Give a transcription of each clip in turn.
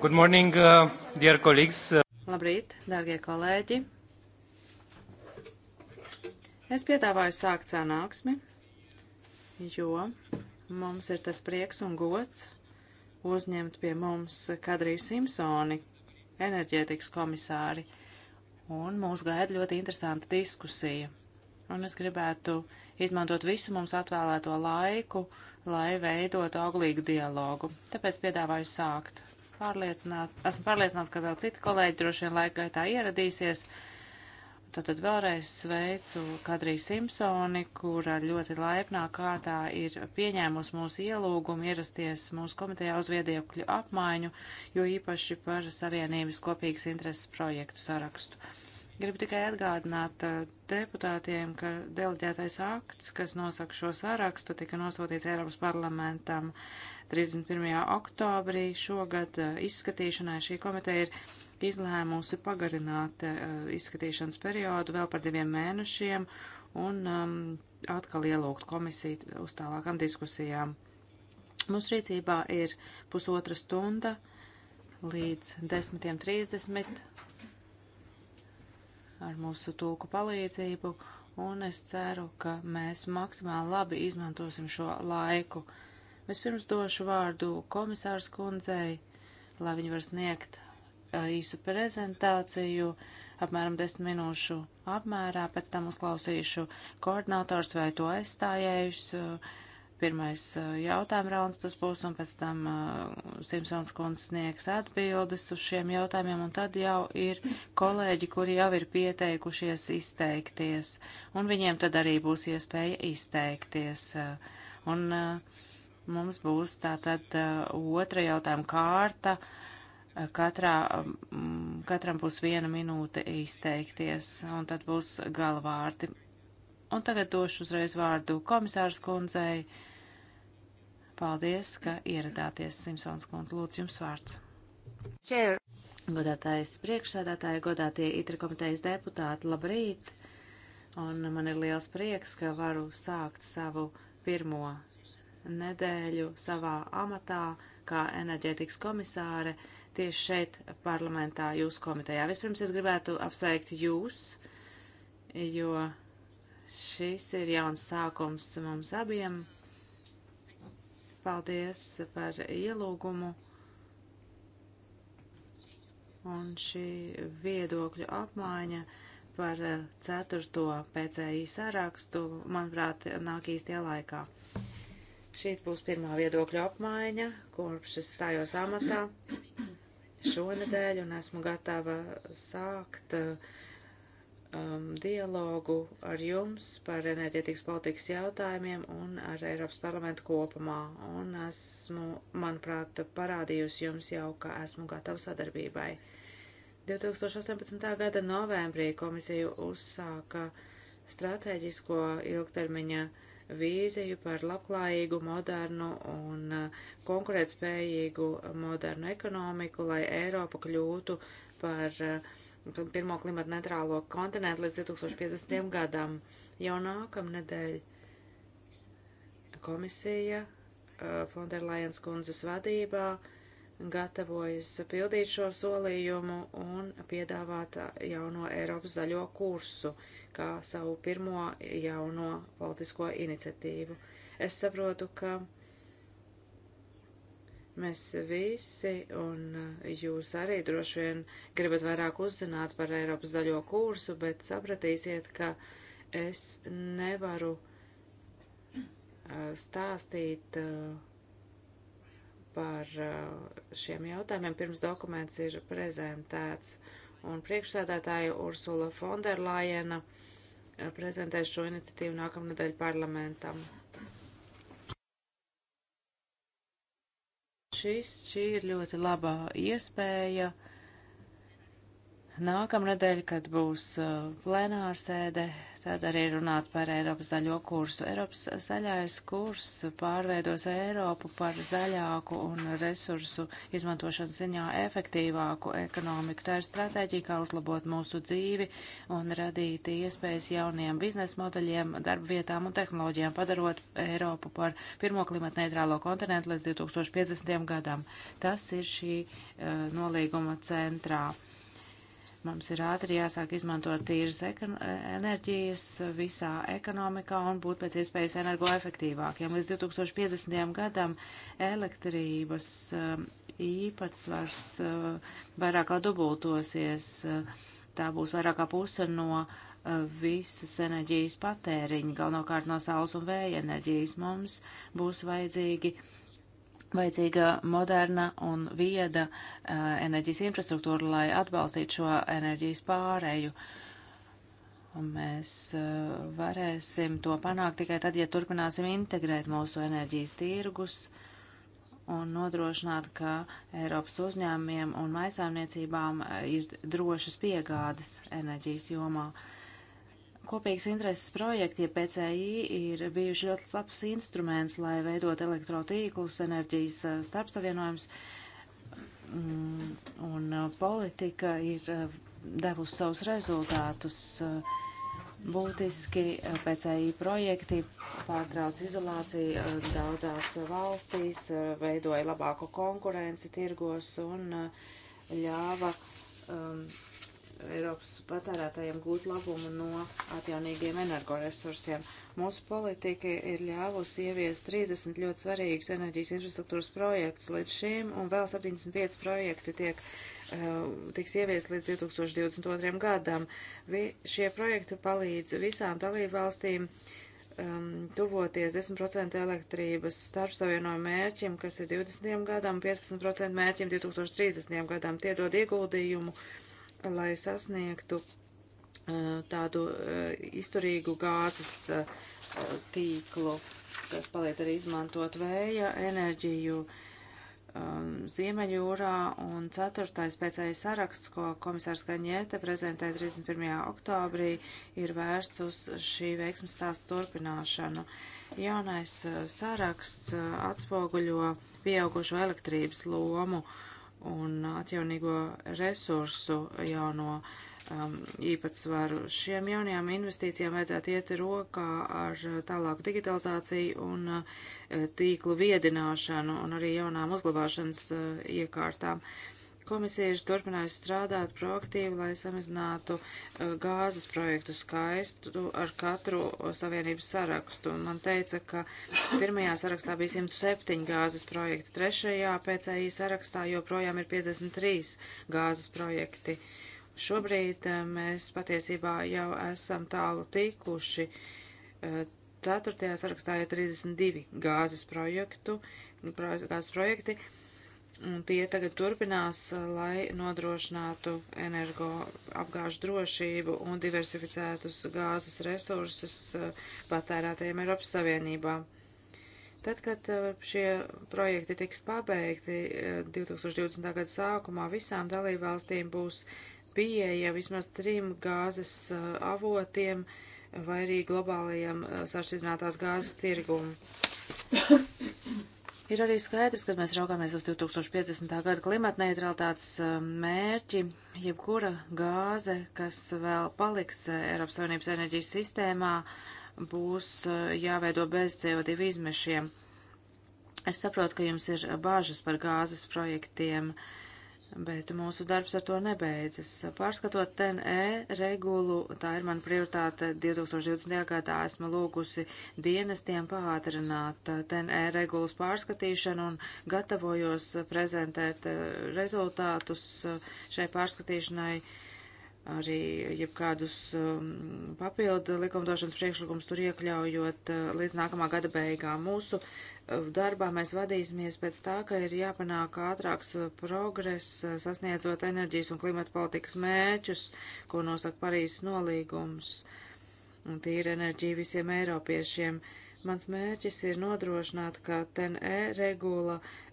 Good morning, uh, dear colleagues. Labrīt, dārgie kolēģi. Es piedāvāju sākt sanāksmi, jo mums ir tas prieks un gods uzņemt pie mums Kadriju Simpsoni, enerģētikas komisāri, un mūs gaida ļoti interesanta diskusija. Un es gribētu izmantot visu mums atvēlēto laiku, lai veidotu auglīgu dialogu. Tāpēc piedāvāju sākt pārliecināt, esmu pārliecināts, ka vēl citi kolēģi droši vien laika gaitā ieradīsies. Tātad vēlreiz sveicu Kadriju Simpsoni, kura ļoti laipnā kārtā ir pieņēmusi mūsu ielūgumu ierasties mūsu komitejā uz viedokļu apmaiņu, jo īpaši par Savienības kopīgas intereses projektu sarakstu. Uh, Gribu tikai atgādināt eh, deputātiem, ka deleģētais akts, kas nosaka šo sārakstu, tika nosūtīts Eiropas parlamentam 31. oktobrī šogad eh, izskatīšanai. Šī komiteja ir izlēmusi pagarināt uh, izskatīšanas periodu vēl par diviem mēnešiem un um, atkal ielūgt komisiju uz tālākām diskusijām. Mūsu rīcībā ir pusotra stunda līdz 10.30 ar mūsu tulku palīdzību, un es ceru, ka mēs maksimāli labi izmantosim šo laiku. Vispirms došu vārdu komisārs kundzei, lai viņi var sniegt īsu prezentāciju, apmēram 10 minūšu apmērā, pēc tam uzklausīšu koordinators vai to aizstājējušus pirmais uh, jautājuma rauns tas būs, un pēc tam uh, Simpsons kundze sniegs atbildes uz šiem jautājumiem, un tad jau ir kolēģi, kuri jau ir pieteikušies izteikties, un viņiem tad arī būs iespēja izteikties. Uh, un uh, mums būs tātad uh, otra jautājuma kārta. Uh, katrā, um, katram būs viena minūte izteikties, un tad būs galvārdi un tagad došu uzreiz vārdu komisārs kundzei, Paldies, ka ieradāties, Simpsons kundze. Lūdzu, jums vārds. Čēr. Godātais priekšsēdētāji, godātie itri komitejas deputāti, labrīt! Un man ir liels prieks, ka varu sākt savu pirmo nedēļu savā amatā kā enerģētikas komisāre tieši šeit parlamentā jūsu komitejā. Vispirms es gribētu apsveikt jūs, jo šis ir jauns sākums mums abiem Paldies par ielūgumu un šī viedokļu apmaiņa par ceturto PCI sarakstu, manuprāt, nāk īstajā laikā. Šī būs pirmā viedokļa apmaiņa, kopš es stājos amatā šonedēļ un esmu gatava sākt uh, um, dialogu ar jums par enerģētikas politikas jautājumiem un ar Eiropas parlamentu kopumā. Un esmu, manuprāt, parādījusi jums jau, ka esmu gatava sadarbībai. 2018. gada novembrī komisija uzsāka stratēģisko ilgtermiņa vīziju par labklājīgu, modernu un uh, konkurētspējīgu modernu ekonomiku, lai Eiropa kļūtu par uh, pirmo klimatu neutrālo kontinentu līdz 2050. gadam. Jau nākamnedēļ komisija uh, Fonderlajens kundzes vadībā gatavojas pildīt šo solījumu un piedāvāt uh, jauno Eiropas zaļo kursu kā savu pirmo jauno politisko iniciatīvu. Es saprotu, ka Mēs visi, un eh, jūs arī droši vien gribat vairāk uzzināt par Eiropas zaļo kursu, bet sapratīsiet, ka es nevaru eh, stāstīt eh, par šiem jautājumiem, pirms dokuments ir prezentēts. Un priekšsēdētāja Ursula Fonderlājena prezentēs šo iniciatīvu nākamnedēļ parlamentam. Šis, šī ir ļoti labā iespēja. Nākamnedēļ, kad būs uh, plenārsēde, Tad arī runāt par Eiropas zaļo kursu. Eiropas zaļais kurs pārveidos Eiropu par zaļāku un resursu izmantošanas ziņā efektīvāku ekonomiku. Tā ir stratēģija, kā uzlabot mūsu dzīvi un radīt iespējas jauniem biznesa modeļiem, darba vietām un tehnoloģijām, padarot Eiropu par pirmo klimata neitrālo kontinentu līdz 2050. gadam. Tas ir šī uh, nolīguma centrā. Uh, Mums ir ātri jāsāk izmantot tīras e, enerģijas visā ekonomikā un būt pēc iespējas energoefektīvākiem. Līdz 2050. gadam elektrības e, īpatsvars e, vairāk kā dubultosies. Tā būs vairāk kā puse no visas enerģijas patēriņa, galvenokārt no saules un vēja enerģijas. Mums būs vajadzīgi vajadzīga moderna un vieda uh, enerģijas infrastruktūra, lai atbalstītu šo enerģijas pārēju. Un mēs uh, varēsim to panākt tikai tad, ja turpināsim integrēt mūsu enerģijas tirgus un nodrošināt, ka Eiropas uzņēmumiem un maisāimniecībām eh, ir drošas piegādes enerģijas jomā. Uh, Kopīgs intereses projekti, ja PCI, ir bijuši ļoti labs instruments, lai veidot elektrotīklus, enerģijas eh, starpsavienojums, mm, un eh, politika ir eh, devusi savus rezultātus. Būtiski PCI projekti pārtrauc izolāciju daudzās valstīs, veidoja labāku konkurenci tirgos un ļāva um, Eiropas patērētājiem gūt labumu no atjaunīgiem energoresursiem. Mūsu politika ir ļāvusi ieviest 30 ļoti svarīgus enerģijas infrastruktūras projektus līdz šim, un vēl 75 projekti tiek, eh, tiks ieviest līdz 2022. gadam. Vi, šie projekti palīdz visām dalību valstīm um, ehm, tuvoties 10% elektrības starpsavienojumu mērķim, kas ir 20. gadam, 15% mērķim 2030. gadam. Tie dod ieguldījumu lai sasniegtu uh, tādu uh, izturīgu gāzes uh, tīklu, kas paliek arī izmantot vēja enerģiju um, Ziemeļjūrā. Un ceturtais pēcēji saraksts, ko komisārs Kaņiete prezentē 31. oktobrī, ir vērsts uz šī veiksmes stāstu turpināšanu. Jaunais saraksts atspoguļo pieaugušo elektrības lomu. Uh, un atjaunīgo resursu jauno um, īpatsvaru. Šiem jaunajām investīcijām vajadzētu iet rokā ar uh, tālāku digitalizāciju un uh, tīklu viedināšanu un arī jaunām uzglabāšanas uh, iekārtām. Uh, Komisija ir turpinājusi strādāt proaktīvi, lai samazinātu uh, gāzes projektu skaistu ar katru savienības sarakstu. Man teica, ka pirmajā sarakstā bija 107 gāzes projekti, trešajā PCI sarakstā joprojām ir 53 gāzes projekti. Šobrīd uh, mēs patiesībā jau esam tālu tikuši. Uh, ceturtajā sarakstā ir 32 gāzes projektu, gāzes projekti. projekti un tie tagad turpinās, uh, lai nodrošinātu energoapgāžu drošību un diversificētus gāzes resursus uh, patērētajiem Eiropas Savienībā. Tad, kad uh, šie projekti tiks pabeigti 2020. gada sākumā, visām dalībvalstīm būs pieeja vismaz trim gāzes avotiem vai arī globālajiem sašķidrinātās gāzes tirgumu. Ir arī skaidrs, kad mēs raugāmies uz 2050. gada klimata neutralitātes um, mērķi, jebkura gāze, kas vēl paliks uh, Eiropas Savienības enerģijas sistēmā, būs uh, jāveido bez CO2 izmešiem. Es saprotu, ka jums ir uh, bāžas par gāzes projektiem. Uh, bet mūsu darbs ar to nebeidzas. Pārskatot TNE regulu, tā ir mana prioritāte 2020. gadā, esmu lūgusi dienestiem pātrināt uh, TNE regulas pārskatīšanu un gatavojos prezentēt uh, rezultātus uh, šai pārskatīšanai arī jebkādus um, papildu likumdošanas priekšlikumus tur iekļaujot uh, līdz nākamā gada beigām. Mūsu uh, darbā mēs vadīsimies pēc tā, ka ir jāpanāk ātrāks uh, progress uh, sasniedzot enerģijas un klimata politikas mēķus, ko nosaka Parīzes nolīgums un tīra enerģija visiem eiropiešiem. Uh, Mans mērķis ir nodrošināt, ka TNE regula uh,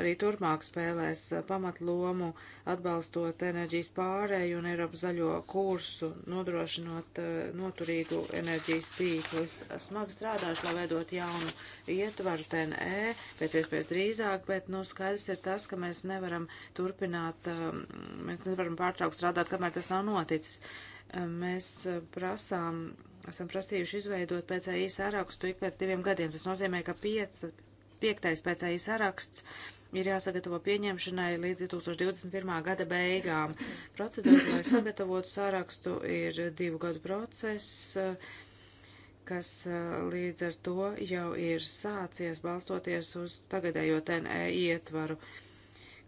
arī turpmāk spēlēs uh, pamatlomu atbalstot enerģijas pārēju un Eiropas zaļo kursu, nodrošinot uh, noturīgu enerģijas tīklu. Es smagi strādāšu, lai veidot jaunu ietvaru TNE pēc iespējas drīzāk, bet, nu, skaidrs ir tas, ka mēs nevaram turpināt, um, mēs nevaram pārtraukt strādāt, kamēr tas nav noticis. Uh, mēs uh, prasām esam prasījuši izveidot PCI sarakstu ik pēc diviem gadiem. Tas nozīmē, ka piec, piektais PCI saraksts ir jāsagatavo pieņemšanai līdz 2021. gada beigām. Procedūra, lai sagatavotu sarakstu, ir divu gadu process, kas eh, līdz ar to jau ir sācies balstoties uz tagadējo TNE ietvaru.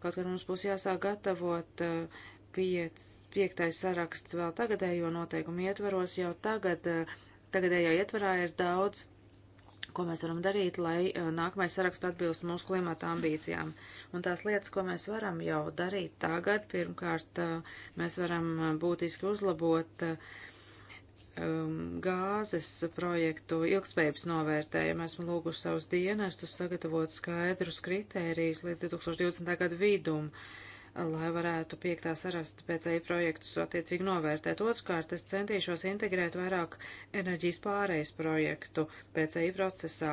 Kaut gan mums būs jāsāk gatavot uh, piec, piektais saraksts vēl tagadējo noteikumu ietvaros, jau tagad, eh, tagadējā ietvarā ir daudz, ko mēs varam darīt, lai eh, nākamais saraksts atbilst mūsu klimata ambīcijām. Un tās lietas, ko mēs varam jau darīt tagad, pirmkārt, eh, mēs varam būtiski uzlabot um, gāzes projektu ilgspējības novērtējumu. Esmu lūgusi savus dienestus sagatavot skaidrus kritērijus līdz 2020. gadu vidumu lai varētu piektā sarasta pēc EI projektus attiecīgi novērtēt. Otrkārt, es centīšos integrēt vairāk enerģijas pārejas projektu pēc EI procesā.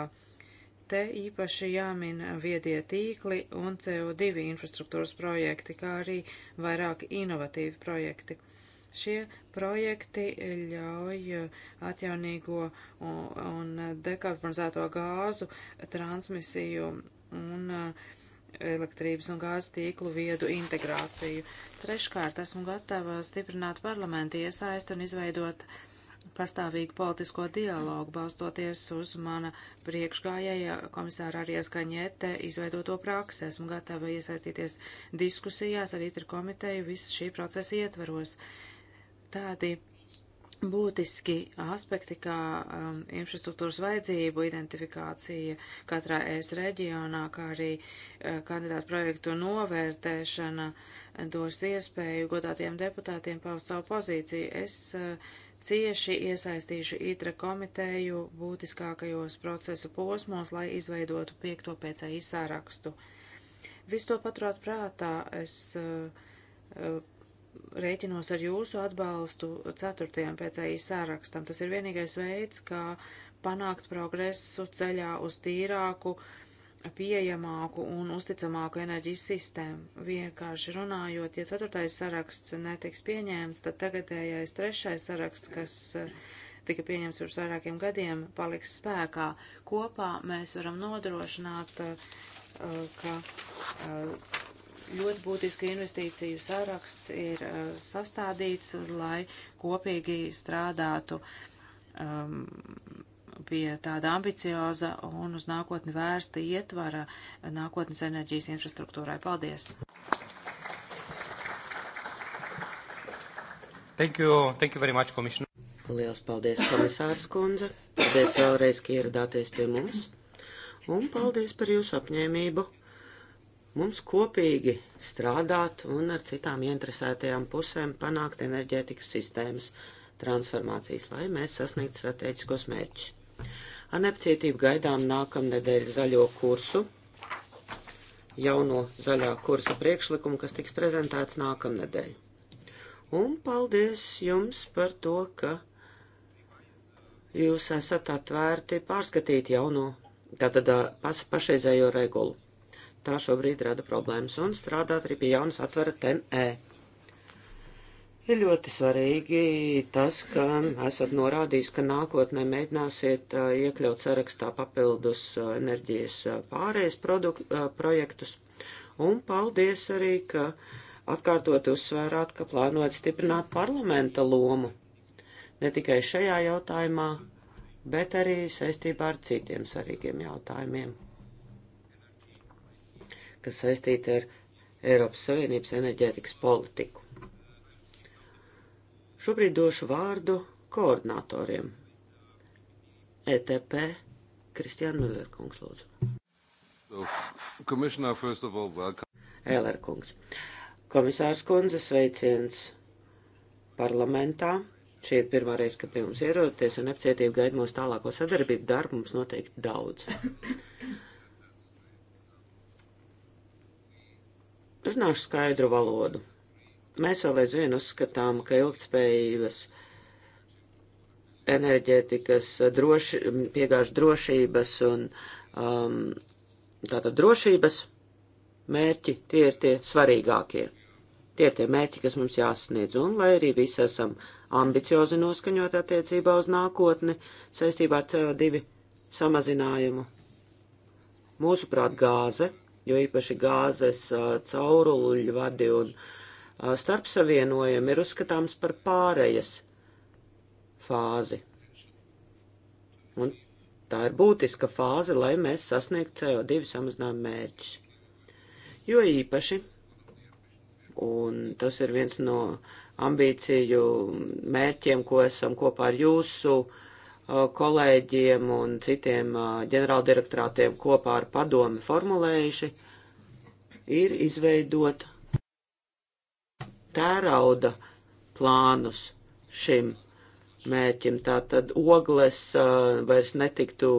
Te īpaši jāmin viedie tīkli un CO2 infrastruktūras projekti, kā arī vairāk inovatīvi projekti. Šie projekti ļauj atjaunīgo un dekarbonizēto gāzu transmisiju un uh, elektrības un gāzes tīklu viedu integrāciju. Treškārt, esmu gatava stiprināt parlamentu iesaistu un izveidot pastāvīgu politisko dialogu, balstoties uz mana priekšgājēja komisāra Arijas Kaņete izveidoto praksi. Esmu gatava iesaistīties diskusijās ar ITR komiteju visu šī procesa ietvaros. Tādi būtiski aspekti, kā um, infrastruktūras vajadzību identifikācija katrā ES reģionā, kā arī uh, kandidātu projektu novērtēšana dos iespēju godātiem deputātiem paust savu pozīciju. Es uh, cieši iesaistīšu ITRA e komiteju būtiskākajos procesa posmos, lai izveidotu piekto pēcēji sārakstu. Visu to paturot prātā, es uh, uh rēķinos ar jūsu atbalstu ceturtajam PCI sārakstam. Tas ir vienīgais veids, kā panākt progresu ceļā uz tīrāku, pieejamāku un uzticamāku enerģijas sistēmu. Vienkārši runājot, ja ceturtais saraksts netiks pieņēmts, tad tagadējais trešais saraksts, kas eh, tika pieņemts pirms vairākiem gadiem, paliks spēkā. Kopā mēs varam nodrošināt, eh, ka eh, ļoti būtisku investīciju saraksts ir uh, sastādīts, lai kopīgi strādātu um, pie tāda ambicioza un uz nākotni vērsta ietvara nākotnes enerģijas infrastruktūrai. Paldies! Thank you, thank you very much, Commissioner. Lielas paldies, komisārs kundze. Paldies vēlreiz, ka ieradāties pie mums. Un paldies par jūsu apņēmību Mums kopīgi strādāt un ar citām interesētajām pusēm panākt enerģētikas sistēmas transformācijas, lai mēs sasniegtu strateģiskos mērķus. Ar nepacietību gaidām nākamnedēļ zaļo kursu, jauno zaļā kursa priekšlikumu, kas tiks prezentēts nākamnedēļ. Un paldies jums par to, ka jūs esat atvērti pārskatīt jauno, tātad pašreizējo regulu tā šobrīd rada problēmas, un strādāt arī pie jaunas atvara TME. Ir ļoti svarīgi tas, ka esat norādījis, ka nākotnē mēģināsiet iekļaut sarakstā papildus enerģijas pārējais projektus, un paldies arī, ka atkārtot uzsvērāt, ka plānojat stiprināt parlamenta lomu ne tikai šajā jautājumā, bet arī saistībā ar citiem svarīgiem jautājumiem kas saistīti ar Eiropas Savienības enerģētikas politiku. Šobrīd došu vārdu koordinatoriem. ETP Kristiāna Millerkungs, lūdzu. Ēlerkungs. Komisārs kundze sveiciens parlamentā. Šī ir pirmā reize, kad pie mums ierodaties un nepacietību gaida mūsu tālāko sadarbību. Darbu mums noteikti daudz. Runāšu skaidru valodu. Mēs vēl aizvien uzskatām, ka ilgtspējības enerģētikas droši, piegāžu drošības un um, tātad drošības mērķi, tie ir tie svarīgākie. Tie ir tie mērķi, kas mums jāsasniedz, un lai arī visi esam ambiciozi noskaņot attiecībā uz nākotni saistībā ar CO2 samazinājumu. Mūsuprāt, gāze jo īpaši gāzes cauruļu vadi un starpsavienojumi ir uzskatāms par pārējas fāzi. Un tā ir būtiska fāze, lai mēs sasniegtu CO2 samazinājumu mērķus. Jo īpaši, un tas ir viens no ambīciju mērķiem, ko esam kopā ar jūsu uh, kolēģiem un citiem ģenerāldirektorātiem kopā ar padomi formulējuši, ir izveidot tērauda plānus šim mērķim. Tātad ogles vairs netiktu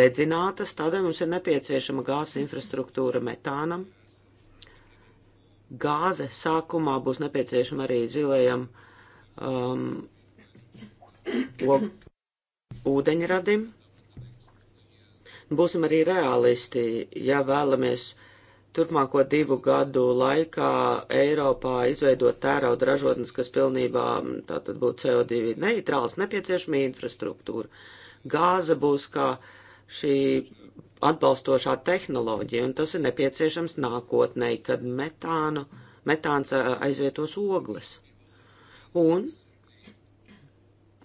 dedzinātas, tādēļ mums ir nepieciešama gāzes infrastruktūra metānam. Gāze sākumā būs nepieciešama arī zilajam um, og ūdeņradim. Būsim arī realisti, ja vēlamies turpmāko divu gadu laikā Eiropā izveidot tērauda ražotnes, kas pilnībā mm, tātad būtu CO2 neitrāls, nepieciešama infrastruktūra. Gāze būs kā šī atbalstošā tehnoloģija, un tas ir nepieciešams nākotnē, kad metānu, metāns aizvietos ogles. Un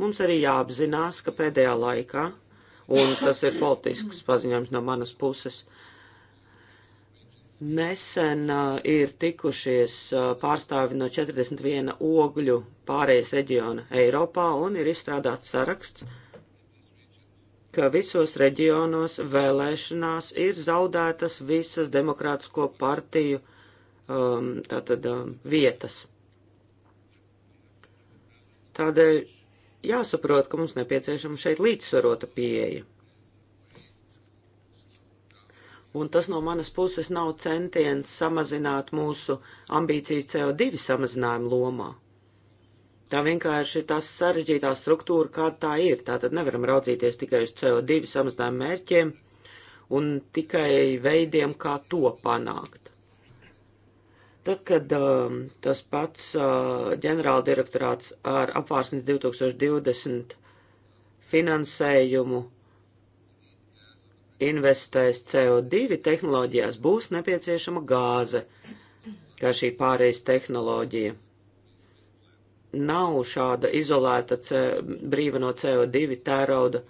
Mums arī jāapzinās, ka pēdējā laikā, un tas ir politisks paziņojums no manas puses, nesen uh, ir tikušies uh, pārstāvi no 41 ogļu pārējais reģiona Eiropā un ir izstrādāts saraksts, ka visos reģionos vēlēšanās ir zaudētas visas demokrātisko partiju um, tātad, um, vietas. Tādēļ jāsaprot, ka mums nepieciešama šeit līdzsvarota pieeja. Un tas no manas puses nav centiens samazināt mūsu ambīcijas CO2 samazinājumu lomā. Tā vienkārši ir tā sarežģītā struktūra, kāda tā ir. Tā tad nevaram raudzīties tikai uz CO2 samazinājumu mērķiem un tikai veidiem, kā to panākt. Tad, kad um, tas pats uh, ģenerāldirektorāts ar apvārsnes 2020 finansējumu investēs CO2 tehnoloģijās, būs nepieciešama gāze, kā šī pārējais tehnoloģija. Nav šāda izolēta C, brīva no CO2 tērauda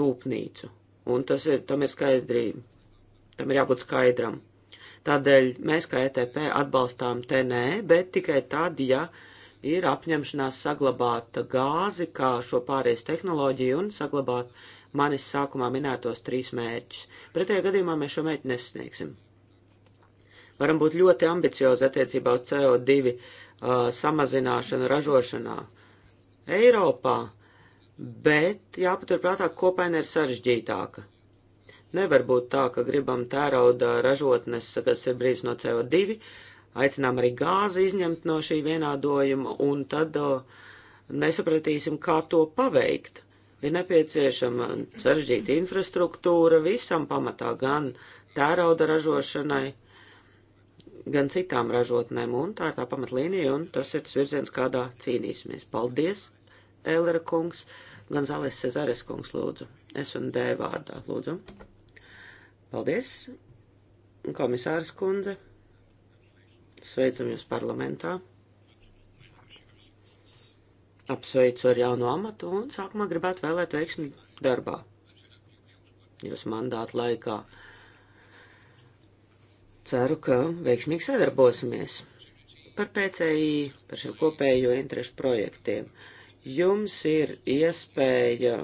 rūpnīcu, un tas ir, tam ir skaidrība, tam ir jābūt skaidram. Tādēļ mēs kā ETP atbalstām te nē, bet tikai tad, ja ir apņemšanās saglabāt gāzi kā šo pārējais tehnoloģiju un saglabāt manis sākumā minētos trīs mērķus. Pretējā gadījumā mēs šo mērķi nesasniegsim. Varam būt ļoti ambiciozi attiecībā uz CO2 uh, samazināšanu ražošanā Eiropā, bet jāpaturprātā kopaina ir sarežģītāka. Nevar būt tā, ka gribam tērauda ražotnes, kas ir brīvs no CO2, aicinām arī gāzi izņemt no šī vienādojuma, un tad o, nesapratīsim, kā to paveikt. Ir nepieciešama sarežģīta infrastruktūra visam pamatā, gan tērauda ražošanai, gan citām ražotnēm, un tā ir tā pamatlīnija, un tas ir tas virziens, kādā cīnīsimies. Paldies, Ēlera kungs, gan Zales Cezares kungs, lūdzu. Es un D vārdā, lūdzu. Paldies, komisārs kundze. Sveicam jūs parlamentā. Apsveicu ar jauno amatu un sākumā gribētu vēlēt veiksmi darbā. Jūsu mandāta laikā. Ceru, ka veiksmīgi sadarbosimies par PCI, par šiem kopējo interešu projektiem. Jums ir iespēja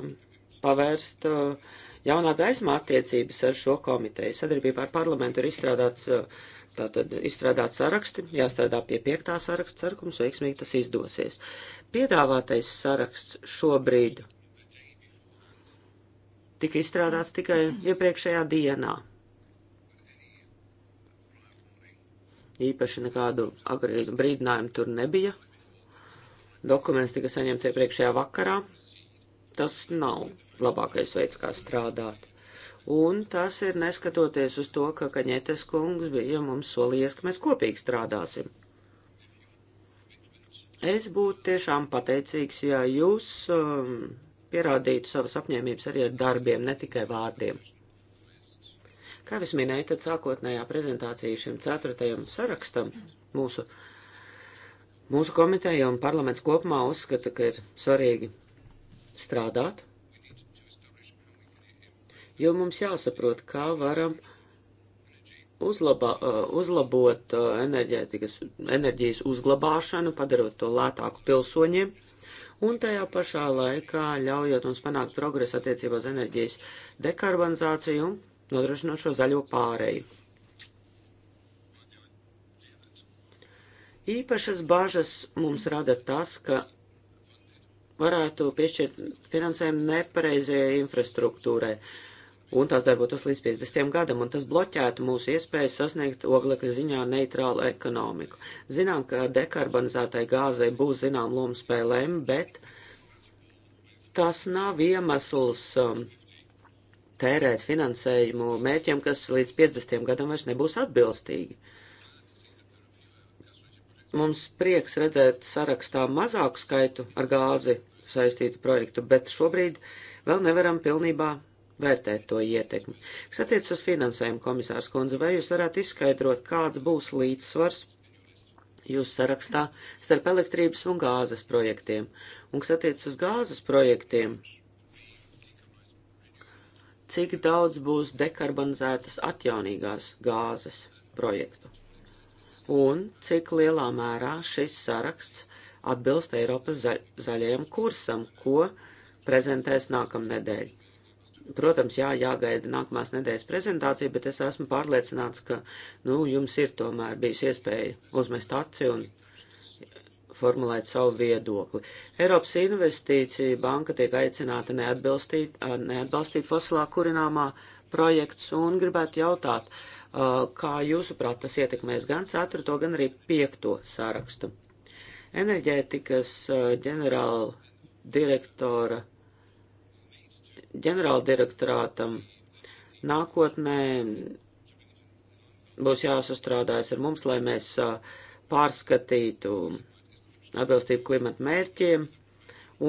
pavērst uh, Jaunā gaismā attiecības ar šo komiteju sadarbībā ar parlamentu ir izstrādāts, eh, tātad izstrādāts saraksti, jāstrādā pie piektā saraksta, ceru, ka mums veiksmīgi tas izdosies. Piedāvātais saraksts šobrīd tika izstrādāts tikai iepriekšējā dienā. Īpaši nekādu brīdinājumu tur nebija. Dokuments tika saņemts iepriekšējā vakarā. Tas nav labākais veids, kā strādāt. Un tas ir neskatoties uz to, ka Kaņetes kungs bija mums solījies, ka mēs kopīgi strādāsim. Es būtu tiešām pateicīgs, ja jūs um, pierādītu savas apņēmības arī ar darbiem, ne tikai vārdiem. Kā es minēju, tad sākotnējā prezentācija šim ceturtajam sarakstam mūsu, mūsu komiteja un parlaments kopumā uzskata, ka ir svarīgi strādāt, jo mums jāsaprot, kā varam uzlabā, uh, uzlabot uh, enerģijas uzglabāšanu, padarot to lētāku pilsoņiem, un tajā pašā laikā ļaujot mums panākt progresu attiecībā uz enerģijas dekarbonizāciju un nodrošinot šo zaļo pāreju. Īpašas bažas mums rada tas, ka varētu piešķirt finansējumu nepareizajai infrastruktūrai. Uh, un tās darbotos līdz 50. gadam, un tas bloķētu mūsu iespējas sasniegt oglekļa ziņā neitrālu ekonomiku. Zinām, ka dekarbonizētai gāzai būs zinām loma spēlēm, bet tas nav iemesls um, tērēt finansējumu mērķiem, kas līdz 50. gadam vairs nebūs atbilstīgi. Mums prieks redzēt sarakstā mazāku skaitu ar gāzi saistītu projektu, bet šobrīd vēl nevaram pilnībā vērtēt to ietekmi. Kas attiec uz finansējumu, komisārs kundze, vai jūs varētu izskaidrot, kāds būs līdzsvars jūsu sarakstā starp elektrības un gāzes projektiem? Un kas attiec uz gāzes projektiem, cik daudz būs dekarbonizētas atjaunīgās gāzes projektu? Un cik lielā mērā šis saraksts atbilst Eiropas zaļajam kursam, ko prezentēs nākamnedēļ? Protams, jā, jāgaida nākamās nedēļas prezentācija, bet es esmu pārliecināts, ka, nu, jums ir tomēr bijusi iespēja uzmest aci un formulēt savu viedokli. Eiropas investīcija banka tiek aicināta neatbalstīt, neatbalstīt fosilā kurināmā projekts un gribētu jautāt, kā jūsuprāt tas ietekmēs gan 4. gan arī 5. sarakstu. Enerģētikas ģenerāla direktora ģenerāldirektorātam nākotnē būs jāsastrādājas ar mums, lai mēs pārskatītu atbilstību klimata mērķiem.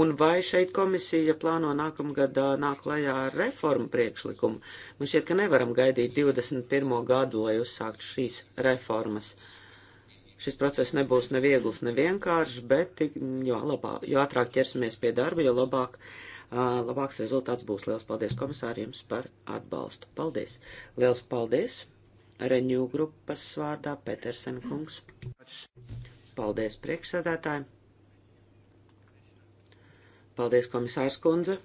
Un vai šeit komisija plāno nākamgad nāk klajā ar reformu priekšlikumu? Man šķiet, ka nevaram gaidīt 21. gadu, lai uzsākt šīs reformas. Šis process nebūs neviegls, nevienkāršs, bet jo, labā, jo ātrāk ķersimies pie darba, jo labāk uh, labāks rezultāts būs. Liels paldies komisāriem par atbalstu. Paldies! Liels paldies! Reņū grupas vārdā Petersen kungs. Paldies priekšsēdētājiem! Paldies, komisārs kundze!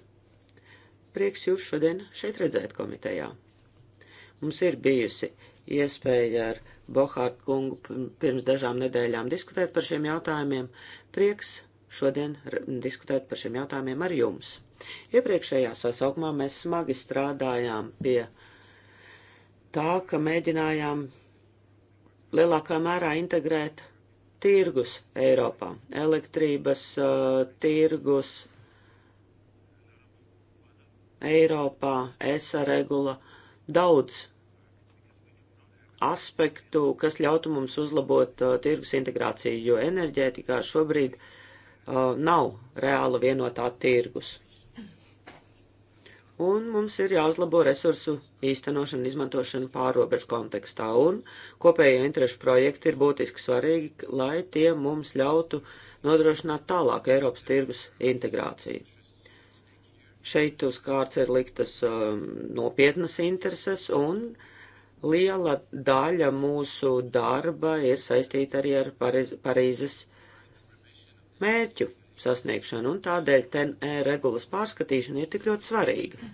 Prieks jūs šodien šeit redzēt komitejā. Mums ir bijusi iespēja ar Bohārtu kungu pirms dažām nedēļām diskutēt par šiem jautājumiem. Prieks šodien diskutēt par šiem jautājumiem ar jums. Iepriekšējā sasaukumā mēs smagi strādājām pie tā, ka mēģinājām lielākā mērā integrēt tirgus Eiropā, elektrības uh, tirgus Eiropā, ESA regula, daudz aspektu, kas ļautu mums uzlabot uh, tirgus integrāciju, jo enerģētikā šobrīd uh, nav reāla vienotā tirgus un mums ir jāuzlabo resursu īstenošana, izmantošana pārobežu kontekstā, un kopējie interešu projekti ir būtiski svarīgi, lai tie mums ļautu nodrošināt tālāk Eiropas tirgus integrāciju. Šeit uz kārts ir liktas um, nopietnas intereses, un liela daļa mūsu darba ir saistīta arī ar Parīzes mērķu sasniegšanu, un tādēļ TNE regulas pārskatīšana ir tik ļoti svarīga.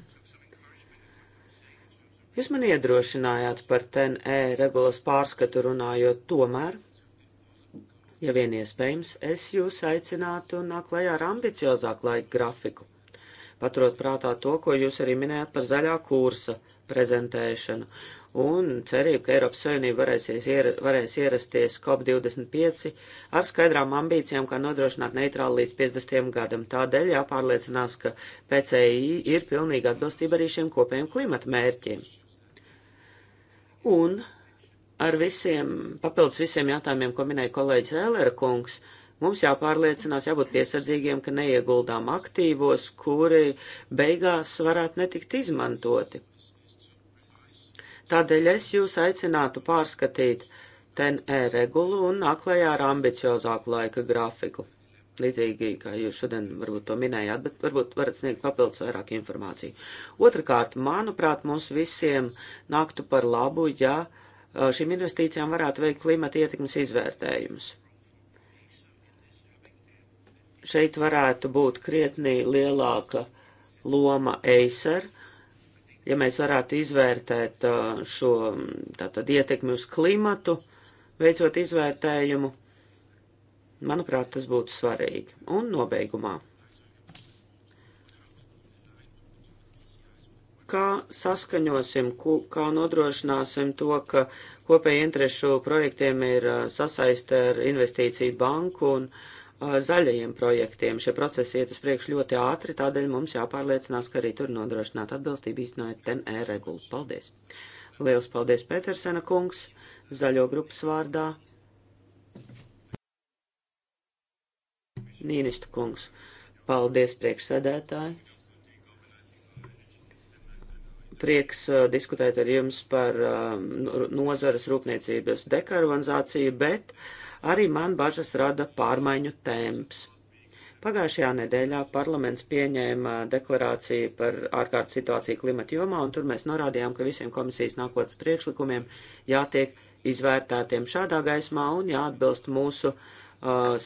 Jūs man iedrošinājāt par TNE regulas pārskatu runājot tomēr, ja vien iespējams, es jūs aicinātu nāk lejā ar ambiciozāku laika grafiku, paturot prātā to, ko jūs arī minējāt par zaļā kursa prezentēšanu un cerība, ka Eiropas Savienība iera, varēs ierasties COP25 ar skaidrām ambīcijām, kā nodrošināt neitrālu līdz 50. gadam. Tādēļ jāpārliecinās, ka PCI ir pilnīga atbilstība arī šiem kopējiem klimata mērķiem. Un ar visiem, papildus visiem jautājumiem, ko minēja kolēģis Ēlera kungs, Mums jāpārliecinās, jābūt piesardzīgiem, ka neieguldām aktīvos, kuri beigās varētu netikt izmantoti. Tādēļ es jūs aicinātu pārskatīt TNE regulu un nāklējā ar ambiciozāku laika grafiku. Līdzīgi, kā jūs šodien varbūt to minējāt, bet varbūt varat sniegt papildus vairāk informāciju. Otrakārt, manuprāt, mums visiem nāktu par labu, ja šīm investīcijām varētu veikt klimata ietekmes izvērtējumus. Šeit varētu būt krietnī lielāka loma EISER ja mēs varētu izvērtēt uh, šo tātad ietekmi uz klimatu, veicot izvērtējumu, manuprāt, tas būtu svarīgi. Un nobeigumā. kā saskaņosim, kā nodrošināsim to, ka kopēji interešu projektiem ir uh, sasaiste ar investīciju banku un uh, Uh, zaļajiem projektiem. Šie procesi iet uz priekšu ļoti ātri, tādēļ mums jāpārliecinās, ka arī tur nodrošināt atbilstību īstenojot TNE regulu. Paldies! Liels paldies, Pētersena kungs, zaļo grupas vārdā. Nīnista kungs, paldies priekšsēdētāji. Prieks uh, diskutēt ar jums par uh, nozares rūpniecības dekarbonizāciju, bet uh, Arī man bažas rada pārmaiņu temps. Pagājušajā nedēļā parlaments pieņēma deklarāciju par ārkārtas situāciju klimata jomā, un tur mēs norādījām, ka visiem komisijas nākotnes priekšlikumiem jātiek izvērtētiem šādā gaismā un jāatbilst mūsu uh,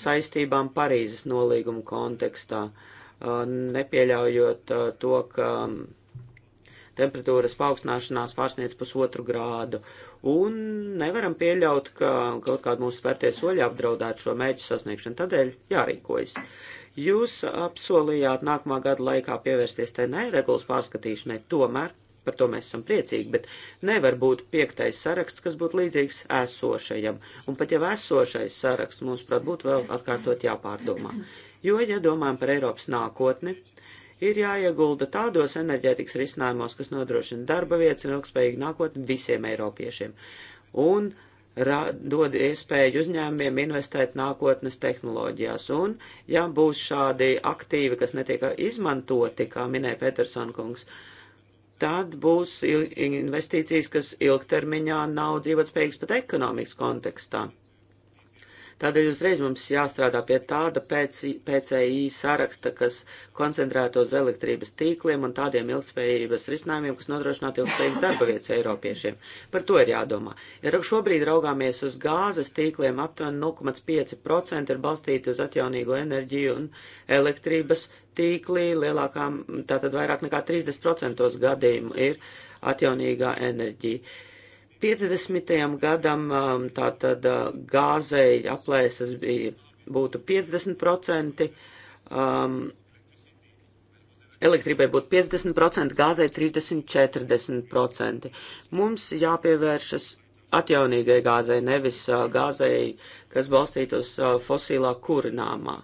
saistībām Parīzes nolīguma kontekstā, uh, nepieļaujot uh, to, ka. Um, temperatūras paaugstināšanās pārsniec pusotru grādu. Un nevaram pieļaut, ka kaut kāda mūsu spērtie soļi apdraudētu šo mērķu sasniegšanu. Tādēļ jārīkojas. Jūs apsolījāt nākamā gada laikā pievērsties tai neregulas pārskatīšanai, tomēr par to mēs esam priecīgi, bet nevar būt piektais saraksts, kas būtu līdzīgs esošajam. Un pat jau esošais saraksts mums, prāt, būtu vēl atkārtot jāpārdomā. Jo, ja domājam par Eiropas nākotni, ir jāiegulda tādos enerģētikas risinājumos, kas nodrošina darba vietas un ilgspējīgu nākotni visiem eiropiešiem un ra, dod iespēju uzņēmumiem investēt nākotnes tehnoloģijās. Un, ja būs šādi aktīvi, kas netiek izmantoti, kā minēja Petersona kungs, tad būs investīcijas, kas ilgtermiņā nav dzīvotspējīgas pat ekonomikas kontekstā. Tādēļ uzreiz mums jāstrādā pie tāda PCI saraksta, kas koncentrētos uz elektrības tīkliem un tādiem ilgspējības risinājumiem, kas nodrošinātu ilgspējīgas darba vietas Eiropiešiem. Par to ir jādomā. Ja šobrīd raugāmies uz gāzes tīkliem, aptuveni 0,5% ir balstīti uz atjaunīgo enerģiju un elektrības tīklī lielākām, tātad vairāk nekā 30% gadījumu ir atjaunīgā enerģija. 50. gadam um, tātad uh, gāzei aplēses bija, būtu 50%, um, elektrībai būtu 50%, gāzei 30-40%. Mums jāpievēršas atjaunīgai gāzei, nevis uh, gāzei, kas balstītos uh, fosilā kurināmā.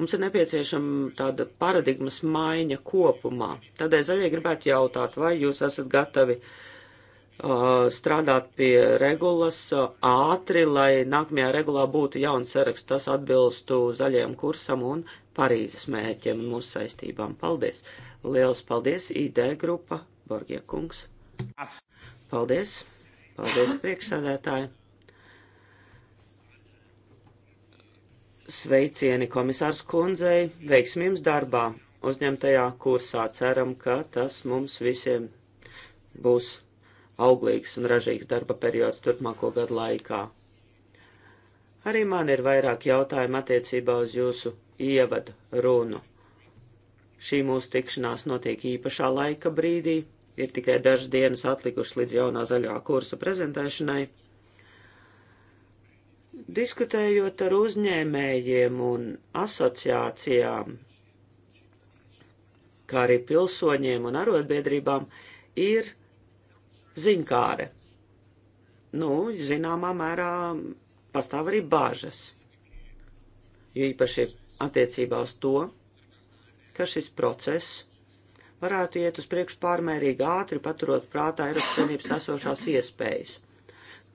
Mums ir nepieciešama tāda paradigmas maiņa kopumā. Tādēļ zaļie gribētu jautāt, vai jūs esat gatavi uh, Uh, strādāt pie regulas uh, ātri, lai nākamajā regulā būtu jauns saraksts, tas atbilstu zaļajam kursam un Parīzes mērķiem un mūsu saistībām. Paldies! Liels paldies, ID grupa, Borgie kungs! Paldies! Paldies, priekšsādētāji! Sveicieni komisārs kundzei, veiksmi jums darbā, uzņemtajā kursā. Ceram, ka tas mums visiem būs auglīgs un ražīgs darba periods turpmāko gadu laikā. Arī man ir vairāk jautājumu attiecībā uz jūsu ievadu runu. Šī mūsu tikšanās notiek īpašā laika brīdī, ir tikai dažas dienas atlikušas līdz jaunā zaļā kursa prezentēšanai. Diskutējot ar uzņēmējiem un asociācijām, kā arī pilsoņiem un arotbiedrībām, ir ziņkāre. Nu, zināmā mērā pastāv arī bāžas, jo īpaši attiecībā uz to, ka šis process varētu iet uz priekšu pārmērīgi ātri, paturot prātā Eiropas Savienības esošās iespējas.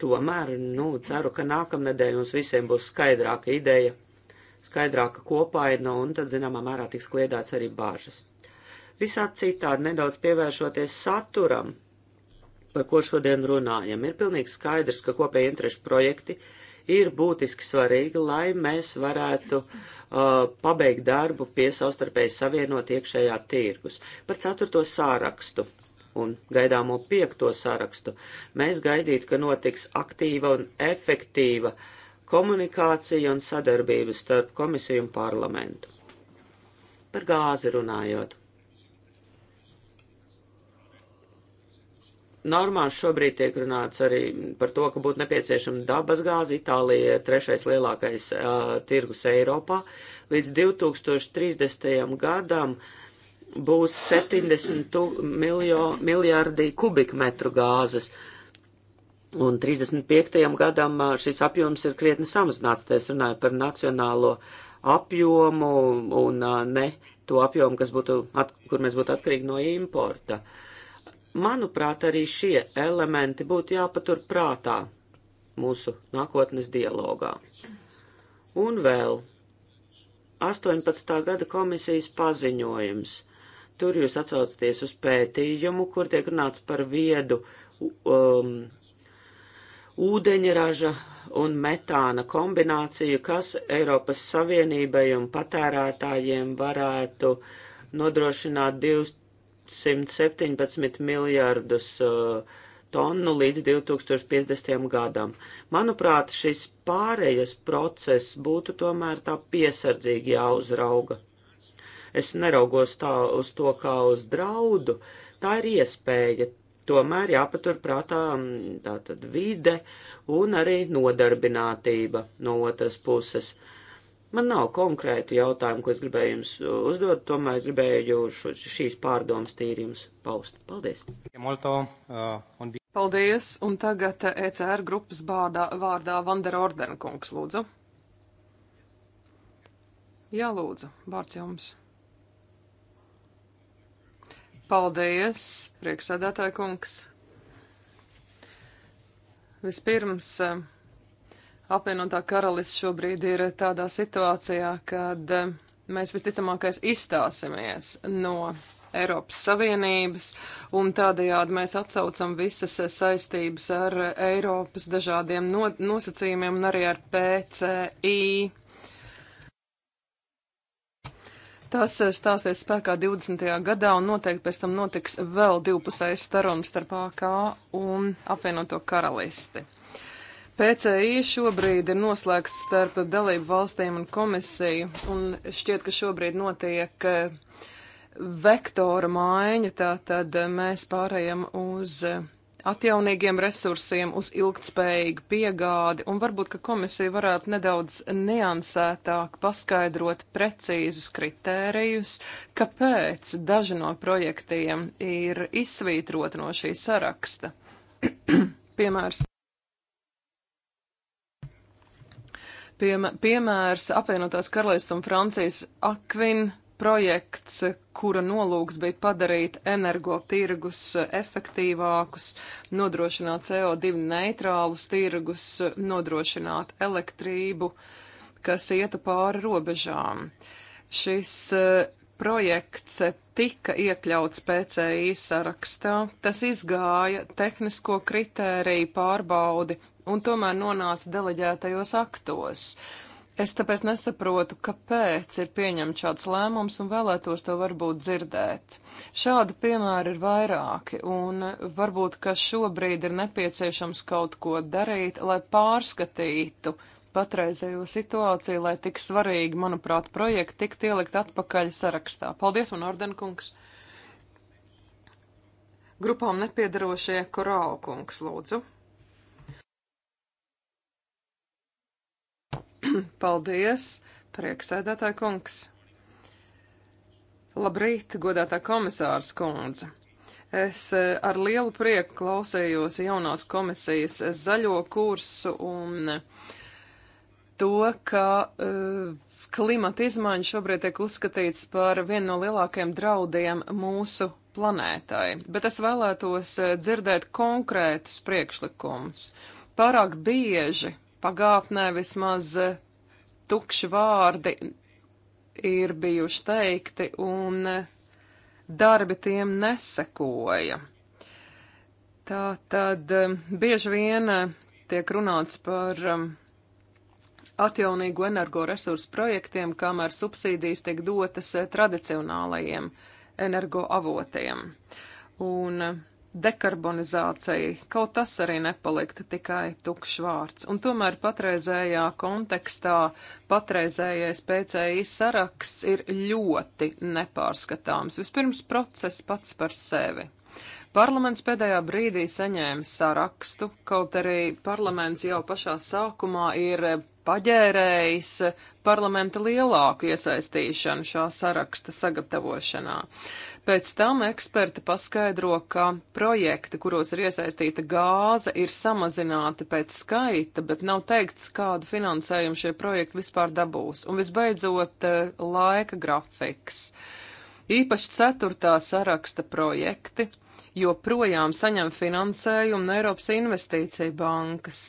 Tomēr, nu, ceru, ka nākamnedēļ mums visiem būs skaidrāka ideja, skaidrāka kopaina, un tad, zināmā mērā, tiks kliedēts arī bāžas. Visā citādi nedaudz pievēršoties saturam, par ko šodien runājam. Ir pilnīgi skaidrs, ka kopēja interešu projekti ir būtiski svarīgi, lai mēs varētu uh, pabeigt darbu pie savstarpēji savienot iekšējā tirgus. Par ceturto sārakstu un gaidāmo piekto sārakstu mēs gaidītu, ka notiks aktīva un efektīva komunikācija un sadarbība starp komisiju un parlamentu. Par gāzi runājot. normās šobrīd tiek runāts arī par to, ka būtu nepieciešama dabasgāze. Itālija ir trešais lielākais uh, tirgus Eiropā. Līdz 2030. gadam būs 70 miljo, miljardi kubikmetru gāzes. Un 35. gadam šis apjoms ir krietni samazināts, tā es runāju par nacionālo apjomu un ne to apjomu, kas būtu, at, kur mēs būtu atkarīgi no importa. Uh, Manuprāt, arī šie elementi būtu jāpatur prātā mūsu nākotnes dialogā. Un vēl 18. gada komisijas paziņojums. Tur jūs atsaucaties uz pētījumu, kur tiek runāts par viedu um, ūdeņraža un metāna kombināciju, kas Eiropas Savienībai un patērētājiem varētu nodrošināt divus 117 miljārdus uh, tonu līdz 2050. gadam. Manuprāt, šis pārējas process būtu tomēr tā piesardzīgi jāuzrauga. Es neraugos tā uz to kā uz draudu, tā ir iespēja. Tomēr jāpatur prātā mm, tātad vide un arī nodarbinātība no otras puses. Uh, Man nav konkrēti jautājumi, ko es gribēju jums uh, uzdot, tomēr gribēju šo, šīs pārdomas tīri jums paust. Paldies! Uh, Paldies, un tagad ECR grupas bārdā, vārdā Vandera Ordenkungs, lūdzu. Jā, lūdzu, vārds jums. Paldies, prieksēdētāja kungs. Vispirms. Uh, apvienotā karalis šobrīd ir tādā situācijā, kad eh, mēs visticamākais izstāsimies no Eiropas Savienības, un tādējādi mēs atsaucam visas saistības ar Eiropas dažādiem no, nosacījumiem un arī ar PCI. Tas eh, stāsies spēkā 20. gadā, un noteikti pēc tam notiks vēl divpusējs starums starp AK un apvienoto karalisti. PCI šobrīd ir noslēgts starp dalību valstīm un komisiju, un šķiet, ka šobrīd notiek eh, vektora maiņa, tātad eh, mēs pārējām uz eh, atjaunīgiem resursiem, uz ilgtspējīgu piegādi, un varbūt, ka komisija varētu nedaudz niansētāk paskaidrot precīzus kritērijus, kāpēc daži no projektiem ir izsvītroti no šī saraksta. Piemērs. Piem piemērs apvienotās karalists un Francijas Akvin projekts, kura nolūks bija padarīt energotirgus efektīvākus, nodrošināt CO2 neitrālus tirgus, nodrošināt elektrību, kas ietu pāri robežām. Šis projekts tika iekļauts PCI sarakstā, tas izgāja tehnisko kritēriju pārbaudi un tomēr nonāca deleģētajos aktos. Es tāpēc nesaprotu, kāpēc ir pieņemts šāds lēmums un vēlētos to varbūt dzirdēt. Šādi piemēri ir vairāki, un varbūt, ka šobrīd ir nepieciešams kaut ko darīt, lai pārskatītu uh, patreizējo situāciju, lai tik svarīgi, manuprāt, projekti tiktu ielikt atpakaļ sarakstā. Paldies un ordenkungs! Grupām nepiedarošie Korāo kungs, lūdzu. Paldies, prieksēdētāja kungs. Labrīt, godātā komisārs kundze. Es eh, ar lielu prieku klausējos jaunās komisijas zaļo kursu un uh, to, ka uh, klimata izmaiņa šobrīd tiek uzskatīts par vienu no lielākajiem draudiem mūsu planētai, bet es vēlētos eh, dzirdēt konkrētus priekšlikumus. Pārāk bieži pagātnē vismaz tukši vārdi ir bijuši teikti un darbi tiem nesekoja. Tā tad eh, bieži vien tiek runāts par um, atjaunīgo energoresursu projektiem, kamēr subsīdijas tiek dotas eh, tradicionālajiem energoavotiem. Un eh, dekarbonizācija, kaut tas arī nepaliktu tikai tukšs vārds. Un tomēr patreizējā kontekstā patreizējais PCI saraksts ir ļoti nepārskatāms. Vispirms process pats par sevi. Parlaments pēdējā brīdī saņēma sarakstu, kaut arī parlaments jau pašā sākumā ir eh, paģērējis parlamenta lielāku iesaistīšanu šā saraksta sagatavošanā. Pēc tam eksperti paskaidro, ka projekti, kuros ir iesaistīta gāze, ir samazināti pēc skaita, bet nav teikts, kādu finansējumu šie projekti vispār dabūs. Un visbeidzot, eh, laika grafiks. Īpaši ceturtā saraksta projekti joprojām saņem finansējumu no Eiropas Investīcija bankas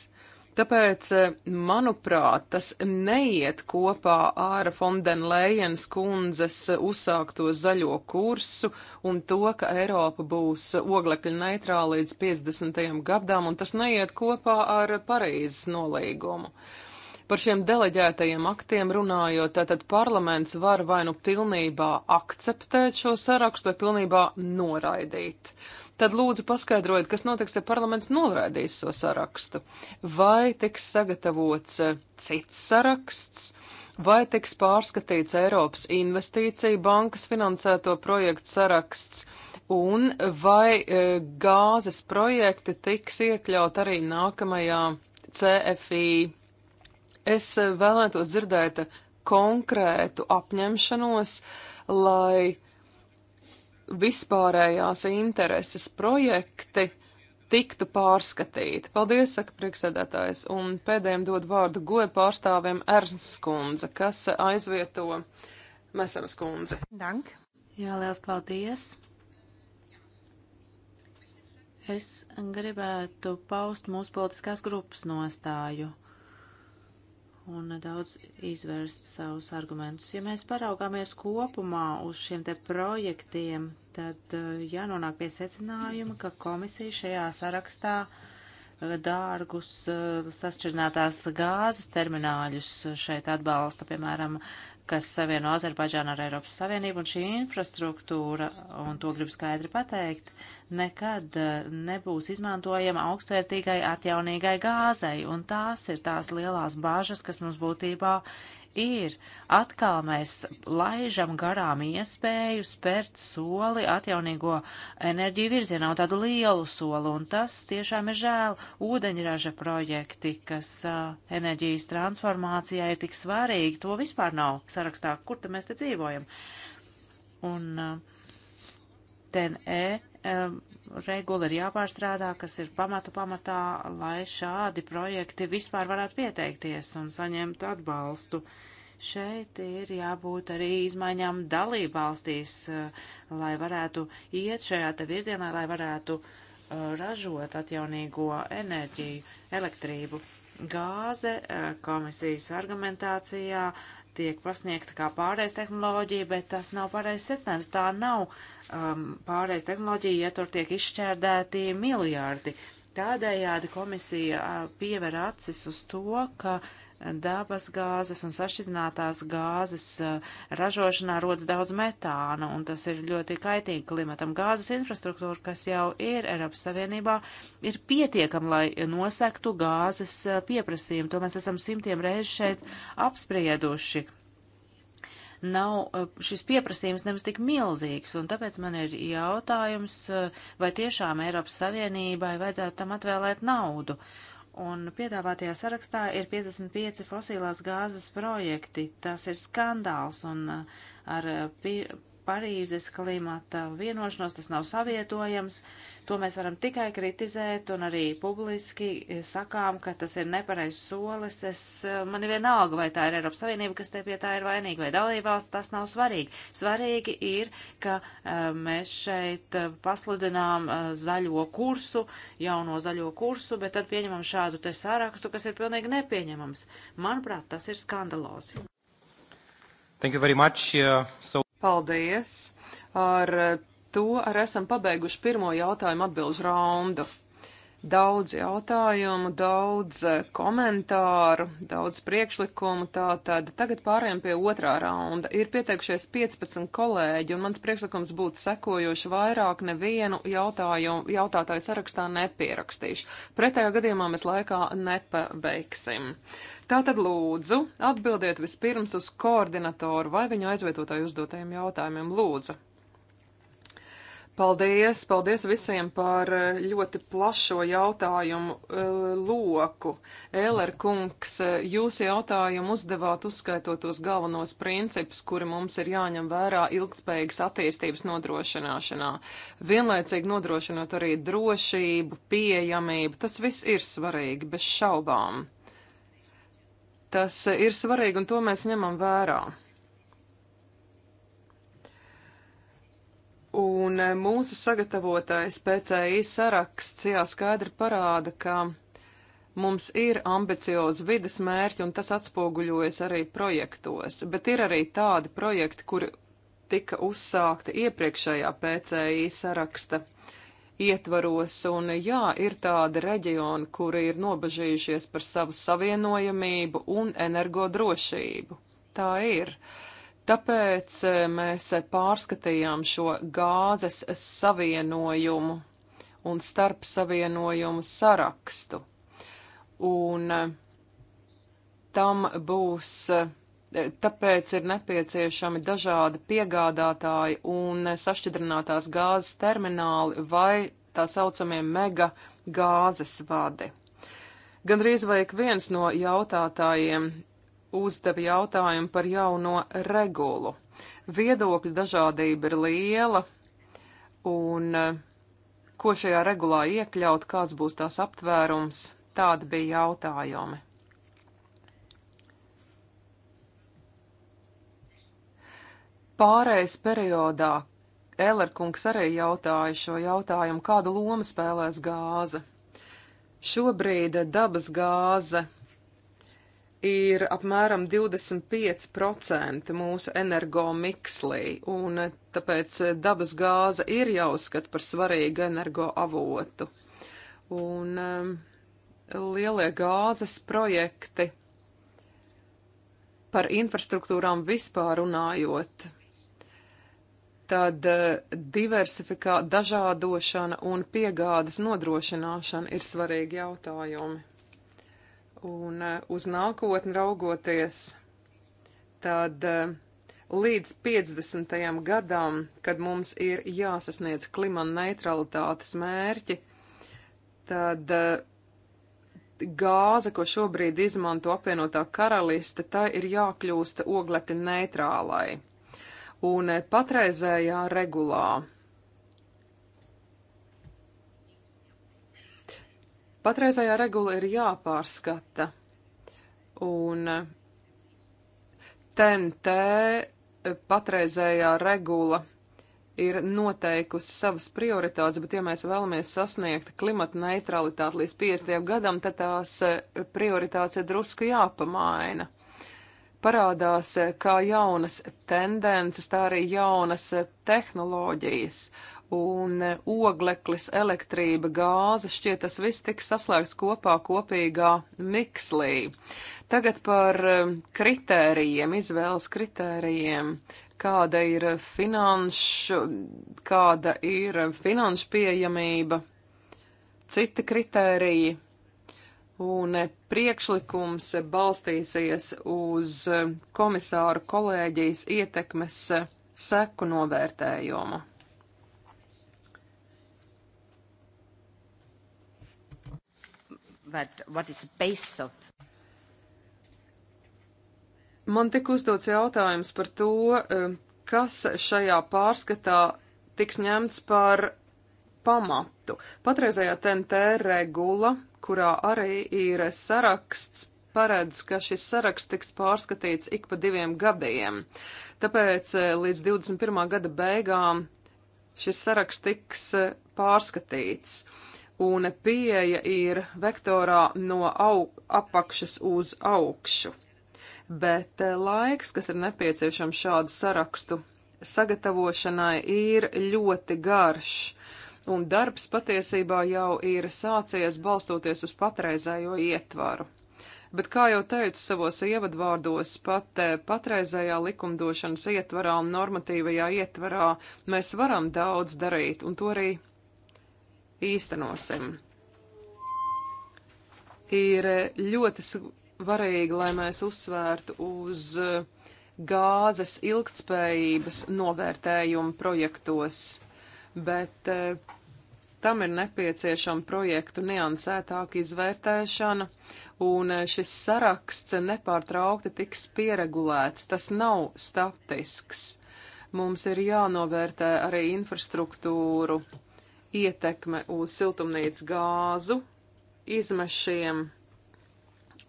Tāpēc, eh, manuprāt, tas neiet kopā ar Fondenlējens kundzes uzsākto zaļo kursu un to, ka Eiropa būs oglekļa neitrāla līdz 50. gadam, un tas neiet kopā ar Parīzes nolīgumu. Par šiem deleģētajiem aktiem runājot, tātad parlaments var vai nu pilnībā akceptēt šo sarakstu, vai pilnībā noraidīt. Uh, tad lūdzu paskaidrojiet, kas notiks, ja parlaments noraidīs šo so sarakstu. Vai tiks sagatavots eh, cits saraksts, vai tiks pārskatīts Eiropas investīcija bankas finansēto projektu saraksts, un vai eh, gāzes projekti tiks iekļaut arī nākamajā CFI. Es eh, vēlētos dzirdēt konkrētu apņemšanos, lai vispārējās intereses projekti tiktu pārskatīti. Paldies, saka priekšsēdētājs, un pēdējiem dod vārdu goja pārstāvim Ernsts Kundze, kas aizvieto Mesenas Kundze. Dank. Jā, liels paldies. Es gribētu paust mūsu politiskās grupas nostāju un daudz izvērst savus argumentus. Ja mēs paraugāmies kopumā uz šiem te projektiem, tad eh, jānonāk pie secinājuma, ka komisija šajā sarakstā eh, dārgus eh, sašķirinātās gāzes termināļus šeit atbalsta, piemēram, kas savieno Azerbaidžānu ar Eiropas Savienību, un šī infrastruktūra, un to gribu skaidri pateikt, nekad eh, nebūs izmantojama augstvērtīgai atjaunīgai gāzei, un tās ir tās lielās bāžas, kas mums būtībā ir. Atkal mēs laižam garām iespēju spērt soli atjaunīgo enerģiju virzienā un tādu lielu soli, un tas tiešām ir žēl. Ūdeņraža projekti, kas uh, enerģijas transformācijā ir tik svarīgi, to vispār nav sarakstā, kur tad mēs te dzīvojam. Un uh, ten E regula ir jāpārstrādā, kas ir pamatu pamatā, lai šādi projekti vispār varētu pieteikties un saņemt atbalstu. Šeit ir jābūt arī izmaiņām dalībvalstīs, eh, lai varētu iet šajā te virzienā, lai varētu eh, ražot atjaunīgo enerģiju, elektrību. Gāze eh, komisijas argumentācijā tiek pasniegta kā pārējais tehnoloģija, bet tas nav pārējais secinājums. Tā nav um, pārējais tehnoloģija, ja tur tiek izšķērdēti miljārdi. Tādējādi komisija uh, piever acis uz to, ka uh, dabas gāzes un sašķidrinātās gāzes ražošanā rodas daudz metāna, un tas ir ļoti kaitīgi klimatam. Gāzes infrastruktūra, kas jau ir Eiropas Savienībā, ir pietiekama, lai nosektu gāzes pieprasījumu. To mēs esam simtiem reizi šeit apsprieduši. Nav šis pieprasījums nemaz tik milzīgs, un tāpēc man ir jautājums, vai tiešām Eiropas Savienībai vajadzētu tam atvēlēt naudu. Uh, Un piedāvātajā sarakstā ir 55 fosilās gāzes projekti. Tas ir skandāls un uh, ar uh, Parīzes klimata vienošanos, tas nav savietojams. To mēs varam tikai kritizēt un arī publiski sakām, ka tas ir nepareizs solis. Es, man ir vienalga, vai tā ir Eiropas Savienība, kas te pie tā ir vainīga, vai dalībvalsts, tas nav svarīgi. Svarīgi ir, ka eh, mēs šeit eh, pasludinām eh, zaļo kursu, jauno zaļo kursu, bet tad pieņemam šādu te sārakstu, kas ir pilnīgi nepieņemams. Manuprāt, tas ir skandalozi. Thank you very much. Uh, so Paldies! Ar to arī esam pabeiguši pirmo jautājumu atbilžu raundu daudz jautājumu, daudz eh, komentāru, daudz priekšlikumu. Tātad tagad pārējām pie otrā raunda. Ir pieteikušies 15 kolēģi, un mans priekšlikums būtu sekojoši vairāk nevienu jautājumu jautātāju sarakstā nepierakstīšu. Pretējā gadījumā mēs laikā nepabeigsim. Tātad lūdzu, atbildiet vispirms uz koordinatoru vai viņa aizvietotāju uzdotajiem jautājumiem. Lūdzu! Paldies, paldies visiem par eh, ļoti plašo jautājumu eh, loku. Ēler kungs, eh, jūs jautājumu uzdevāt uzskaitot tos galvenos principus, kuri mums ir jāņem vērā ilgtspējīgas attīstības nodrošināšanā. Vienlaicīgi nodrošinot arī drošību, pieejamību, tas viss ir svarīgi, bez šaubām. Tas ir svarīgi un to mēs ņemam vērā. Un eh, mūsu sagatavotais PCI saraksts jā skaidri parāda, ka mums ir ambiciozi vidas mērķi, un tas atspoguļojas arī projektos, bet ir arī tādi projekti, kuri tika uzsākti iepriekšējā PCI saraksta ietvaros, un jā, ir tādi reģioni, kuri ir nobežījušies par savu savienojamību un energodrošību. Tā ir. Uh, Tāpēc eh, mēs pārskatījām šo gāzes savienojumu un starp savienojumu sarakstu. Un eh, tam būs, eh, tāpēc ir nepieciešami dažādi piegādātāji un sašķidrinātās gāzes termināli vai tā saucamie mega gāzes vadi. Gan drīz vai ik viens no jautātājiem uzdeva jautājumu par jauno regulu. Viedokļu dažādība ir liela, un eh, ko šajā regulā iekļaut, kāds būs tās aptvērums, tādi bija jautājumi. Pārējais periodā Ēlerkungs arī jautāja šo jautājumu, kādu lomu spēlēs gāze. Šobrīd dabas gāze ir apmēram 25% mūsu energomikslī, un eh, tāpēc eh, dabas gāze ir jāuzskata par svarīgu energoavotu. Un um, lielie gāzes projekti par infrastruktūrām vispār runājot, tad diversifikā, dažādošana un piegādes nodrošināšana ir svarīgi jautājumi. Un eh, uz nākotni raugoties, tad eh, līdz 50. gadam, kad mums ir jāsasniedz klimata neutralitātes mērķi, tad eh, gāze, ko šobrīd izmanto apvienotā karaliste, tai ir jākļūst oglekļa neitrālai. Un patreizējā regulā Patreizējā regula ir jāpārskata. Un TNT patreizējā regula ir noteikusi savas prioritātes, bet ja mēs vēlamies sasniegt klimata neutralitāti līdz 50 gadam, tad tās eh, prioritātes ir drusku jāpamaina. Parādās eh, kā jaunas tendences, tā arī jaunas eh, tehnoloģijas. Uh, un e, ogleklis, elektrība, gāze, šķiet tas viss tiks saslēgts kopā kopīgā mikslī. Tagad par e, kritērijiem, izvēles kritērijiem, kāda ir finanšu, kāda ir finanšu pieejamība, citi kritēriji. Un e, priekšlikums balstīsies uz komisāru kolēģijas ietekmes seku novērtējumu. what, what is base of. Man tik uzdots jautājums par to, eh, kas šajā pārskatā tiks ņemts par pamatu. Patreizējā TNT regula, kurā arī ir saraksts, paredz, ka šis saraksts tiks pārskatīts ik pa diviem gadiem. Tāpēc eh, līdz 21. gada beigām šis saraksts tiks eh, pārskatīts. Uh, un pieeja ir vektorā no au, apakšas uz augšu. Bet eh, laiks, kas ir nepieciešams šādu sarakstu sagatavošanai, ir ļoti garš un darbs patiesībā jau ir sācies balstoties uz patreizējo ietvaru. Bet, kā jau teicu savos ievadvārdos, pat eh, patreizējā likumdošanas ietvarā un normatīvajā ietvarā mēs varam daudz darīt, un to arī īstenosim. Ir ļoti svarīgi, lai mēs uzsvērtu uz eh, gāzes ilgtspējības novērtējumu projektos, bet eh, tam ir nepieciešama projektu niansētāka izvērtēšana, un eh, šis saraksts nepārtraukti tiks pieregulēts. Tas nav statisks. Mums ir jānovērtē arī infrastruktūru ietekme uz siltumnīcas gāzu izmešiem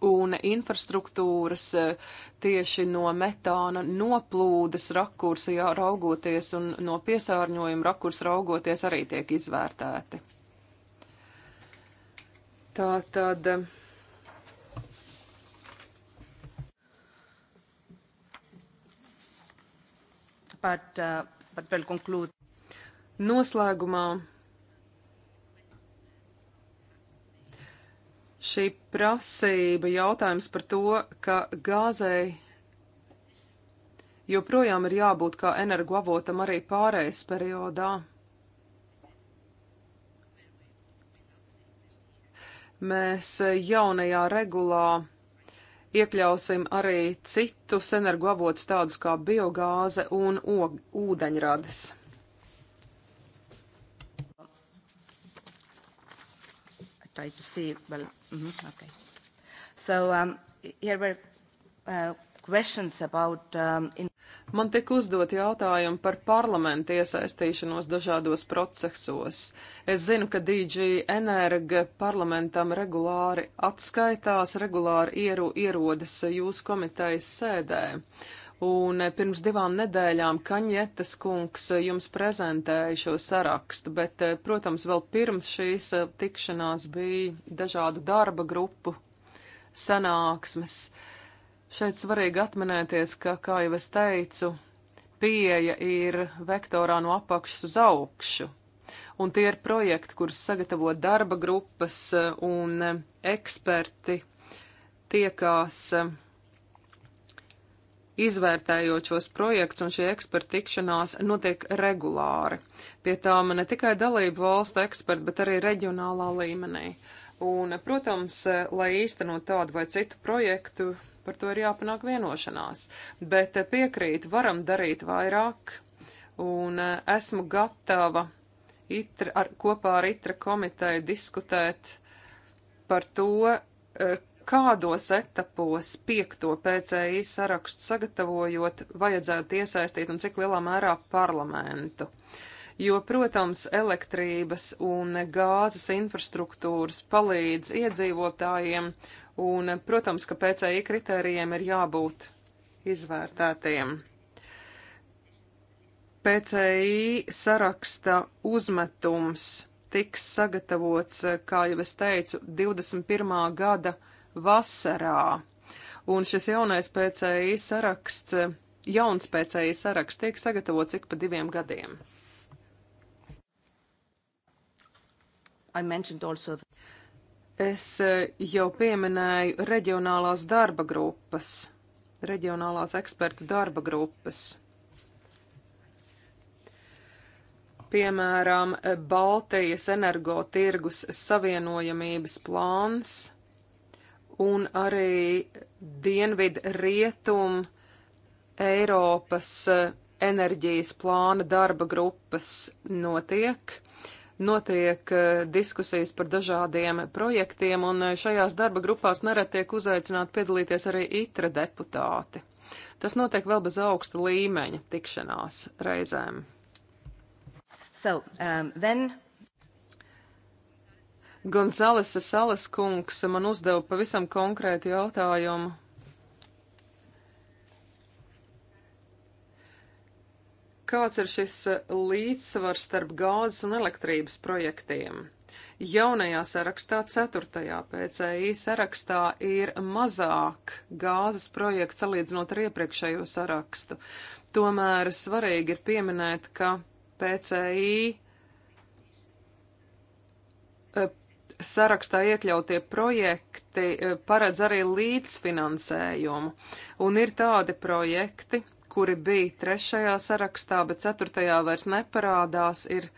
un infrastruktūras eh, tieši no metāna noplūdes rakursa jā, raugoties un no piesārņojuma rakursa raugoties arī tiek izvērtēti. Tā tad. Eh, but, uh, but Noslēgumā Šī prasība jautājums par to, ka gāzei joprojām ir jābūt kā energoavotam arī pārējais periodā. Mēs jaunajā regulā iekļausim arī citus energoavotus tādus kā biogāze un ūdeņradas. try to see. Well, mm-hmm, okay. So um, here were uh, questions about. Um, in Man tika uzdot jautājumi par parlamentu iesaistīšanos dažādos procesos. Es zinu, ka DG Energa parlamentam regulāri atskaitās, regulāri ieru, ierodas jūsu komitejas sēdē. Uh, Un eh, pirms divām nedēļām Kaņetas kungs eh, jums prezentēja šo sarakstu, bet, eh, protams, vēl pirms šīs tikšanās bija dažādu darba grupu sanāksmes. Šeit svarīgi atminēties, ka, kā jau es teicu, pieeja ir vektorā no apakšas uz augšu un tie ir projekti, kurus sagatavo darba grupas un eksperti tiekās izvērtējot šos projekts un šie eksperti tikšanās notiek regulāri. Pie tām ne tikai dalību valstu eksperti, bet arī reģionālā līmenī. Un, protams, lai īstenot tādu vai citu projektu, par to ir jāpanāk vienošanās. Bet piekrīt, varam darīt vairāk, un esmu gatava itra, ar, kopā ar itra komiteju diskutēt par to, kādos etapos piekto PCI sarakstu sagatavojot vajadzētu iesaistīt un cik lielā mērā parlamentu. Jo, protams, elektrības un gāzes infrastruktūras palīdz iedzīvotājiem, un, protams, ka PCI kritērijiem ir jābūt izvērtētiem. PCI saraksta uzmetums tiks sagatavots, kā jau es teicu, 21. gada vasarā. Un šis jaunais PCI saraksts, jauns PCI saraksts tiek sagatavots ik pa diviem gadiem. Es eh, jau pieminēju reģionālās darba grupas, reģionālās ekspertu darba grupas. piemēram, eh, Baltijas energotirgus savienojamības plāns un arī dienvidu rietumu Eiropas eh, enerģijas plāna darba grupas notiek. Notiek eh, diskusijas par dažādiem projektiem, un eh, šajās darba grupās nereti tiek uzaicināti piedalīties arī itra deputāti. Tas notiek vēl bez augsta līmeņa tikšanās reizēm. So, um, then Gonzalesa Salas kungs man uzdeva pavisam konkrētu jautājumu. Kāds ir šis līdzsvars starp gāzes un elektrības projektiem? Jaunajā sarakstā, ceturtajā PCI sarakstā, ir mazāk gāzes projekts salīdzinot ar iepriekšējo sarakstu. Tomēr svarīgi ir pieminēt, ka PCI sarakstā iekļautie projekti e, paredz arī līdzfinansējumu, un ir tādi projekti, kuri bija trešajā sarakstā, bet ceturtajā vairs neparādās, ir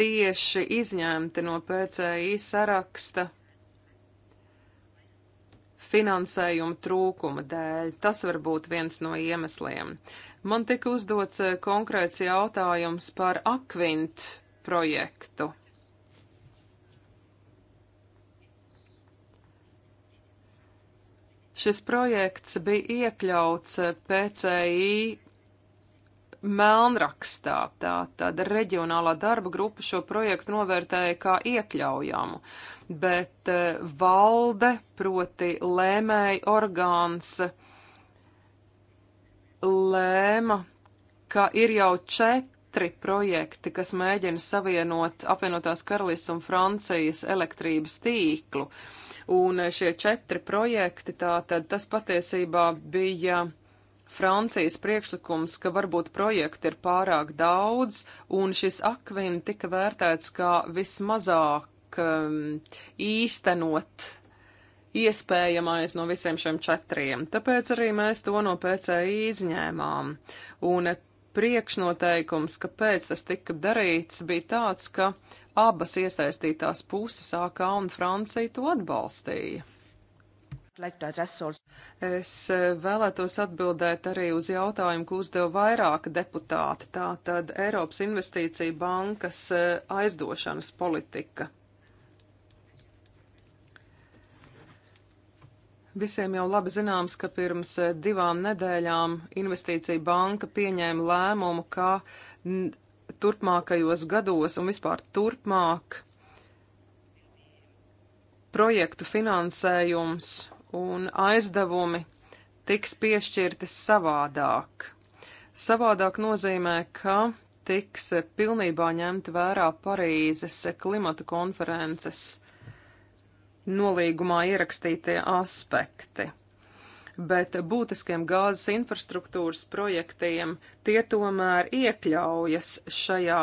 tieši izņemti no PCI saraksta finansējuma trūkuma dēļ. Tas var būt viens no iemesliem. Man tika uzdots e, konkrēts jautājums par akvintu projektu. Šis projekts bija iekļauts PCI melnrakstā, tātad reģionālā darba grupa šo projektu novērtēja kā iekļaujamu, bet eh, valde, proti lēmēji orgāns, lēma, ka ir jau četri projekti, kas mēģina savienot apvienotās karalists un Francijas elektrības tīklu. Uh, Un šie četri projekti, tātad tas patiesībā bija Francijas priekšlikums, ka varbūt projekti ir pārāk daudz, un šis akvin tika vērtēts kā vismazāk um, īstenot iespējamais no visiem šiem četriem. Tāpēc arī mēs to no PCI izņēmām. Un priekšnoteikums, kāpēc tas tika darīts, bija tāds, ka abas iesaistītās puses, AK un Francija, to atbalstīja. Es e, vēlētos atbildēt arī uz jautājumu, ko uzdeva vairāka deputāta, tā tad Eiropas Investīcija bankas e, aizdošanas politika. Visiem jau labi zināms, ka pirms e, divām nedēļām Investīcija banka pieņēma lēmumu, ka turpmākajos gados un vispār turpmāk projektu finansējums un aizdevumi tiks piešķirti savādāk. Savādāk nozīmē, ka tiks pilnībā ņemti vērā Parīzes klimata konferences nolīgumā ierakstītie aspekti bet būtiskiem gāzes infrastruktūras projektiem tie tomēr iekļaujas šajā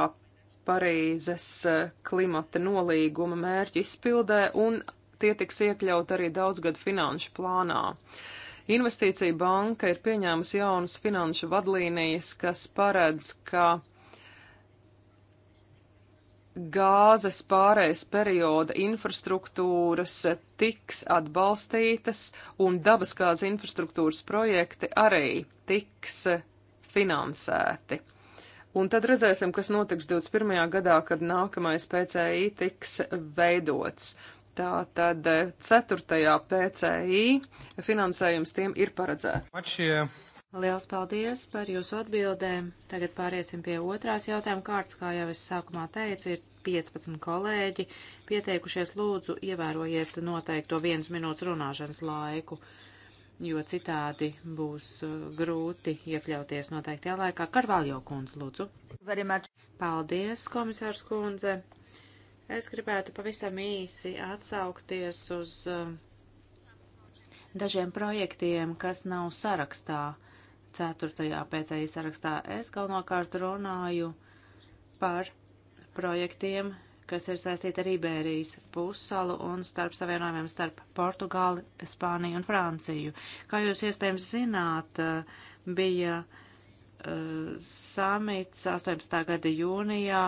Parīzes eh, klimata nolīguma mērķu izpildē un tie tiks iekļaut arī daudzgadu finanšu plānā. Investīcija banka ir pieņēmusi jaunas finanšu vadlīnijas, kas paredz, ka gāzes pārējais perioda infrastruktūras tiks atbalstītas un dabaskāzes infrastruktūras projekti arī tiks finansēti. Un tad redzēsim, kas notiks 21. gadā, kad nākamais PCI tiks veidots. Tā tad 4. PCI finansējums tiem ir paredzēts. Uh, Liels paldies par jūsu atbildēm. Tagad pāriesim pie otrās jautājuma kārtas. Kā jau es sākumā teicu, ir 15 kolēģi pieteikušies. Lūdzu, ievērojiet noteikto vienas minūtes runāšanas laiku, jo citādi būs uh, grūti iekļauties noteiktajā laikā. Karvaljo kundze, lūdzu. Paldies, komisārs kundze. Es gribētu pavisam īsi atsaukties uz uh, dažiem projektiem, kas nav sarakstā Ceturtajā pēcēji sarakstā es galvenokārt runāju par projektiem, kas ir saistīti ar Iberijas pussalu un starp savienojumiem starp Portugāli, Spāniju un Franciju. Kā jūs iespējams zināt, eh, bija eh, samits 18. gada jūnijā,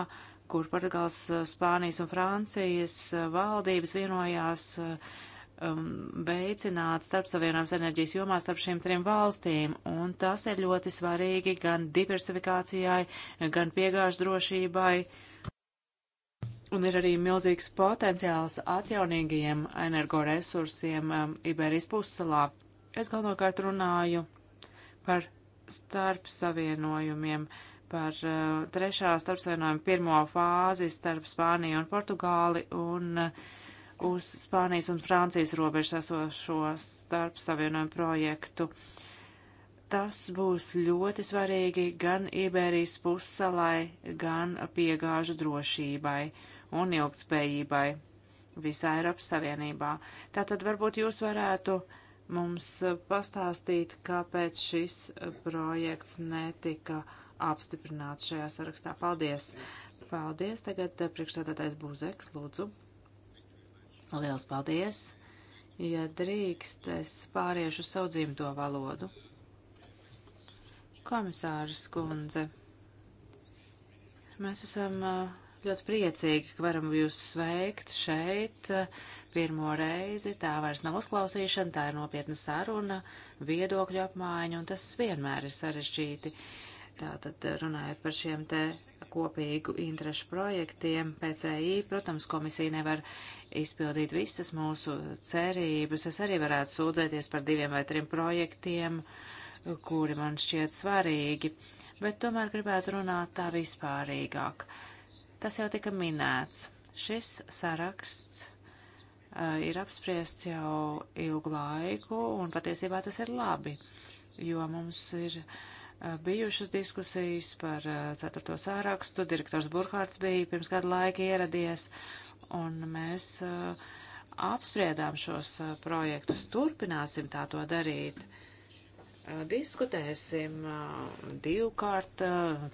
kur Portugāls, eh, Spānijas un Francijas valdības vienojās uh, um, veicināt starpsavienojums enerģijas jomā starp šīm trim valstīm, un tas ir ļoti svarīgi gan diversifikācijai, gan piegāžu drošībai, un ir arī milzīgs potenciāls atjaunīgajiem energoresursiem um, Iberijas pussalā. Es galvenokārt runāju par starpsavienojumiem, par uh, trešā starpsavienojuma pirmo fāzi starp Spāniju un Portugāli, un uh, uz Spānijas un Francijas robežas esošo starp savienojumu projektu. Tas būs ļoti svarīgi gan Iberijas pussalai, gan piegāžu drošībai un ilgtspējībai visā Eiropas Savienībā. Tātad varbūt jūs varētu mums pastāstīt, kāpēc šis projekts netika apstiprināts šajā sarakstā. Paldies! Paldies! Tagad eh, priekšstādātais Būzeks, lūdzu. Liels paldies! Ja drīkst, es pāriešu savu dzimto valodu. Komisārs kundze, mēs esam ļoti priecīgi, ka varam jūs sveikt šeit pirmo reizi. Tā vairs nav uzklausīšana, tā ir nopietna saruna, viedokļu apmaiņa, un tas vienmēr ir sarežģīti. Uh, Tātad eh, runājot par šiem te kopīgu interešu projektiem, PCI, protams, komisija nevar izpildīt visas mūsu cerības. Es arī varētu sūdzēties par diviem vai trim projektiem, kuri man šķiet svarīgi, bet tomēr gribētu runāt tā vispārīgāk. Tas jau tika minēts. Šis saraksts eh, ir apspriests jau ilgu laiku, un patiesībā tas ir labi, jo mums ir uh, Eh, bijušas diskusijas par eh, ceturto sārakstu. Direktors Burhārds bija pirms kādu laiku ieradies, un mēs eh, apspriedām šos projektus. Turpināsim tā to darīt. Diskutēsim divkārt,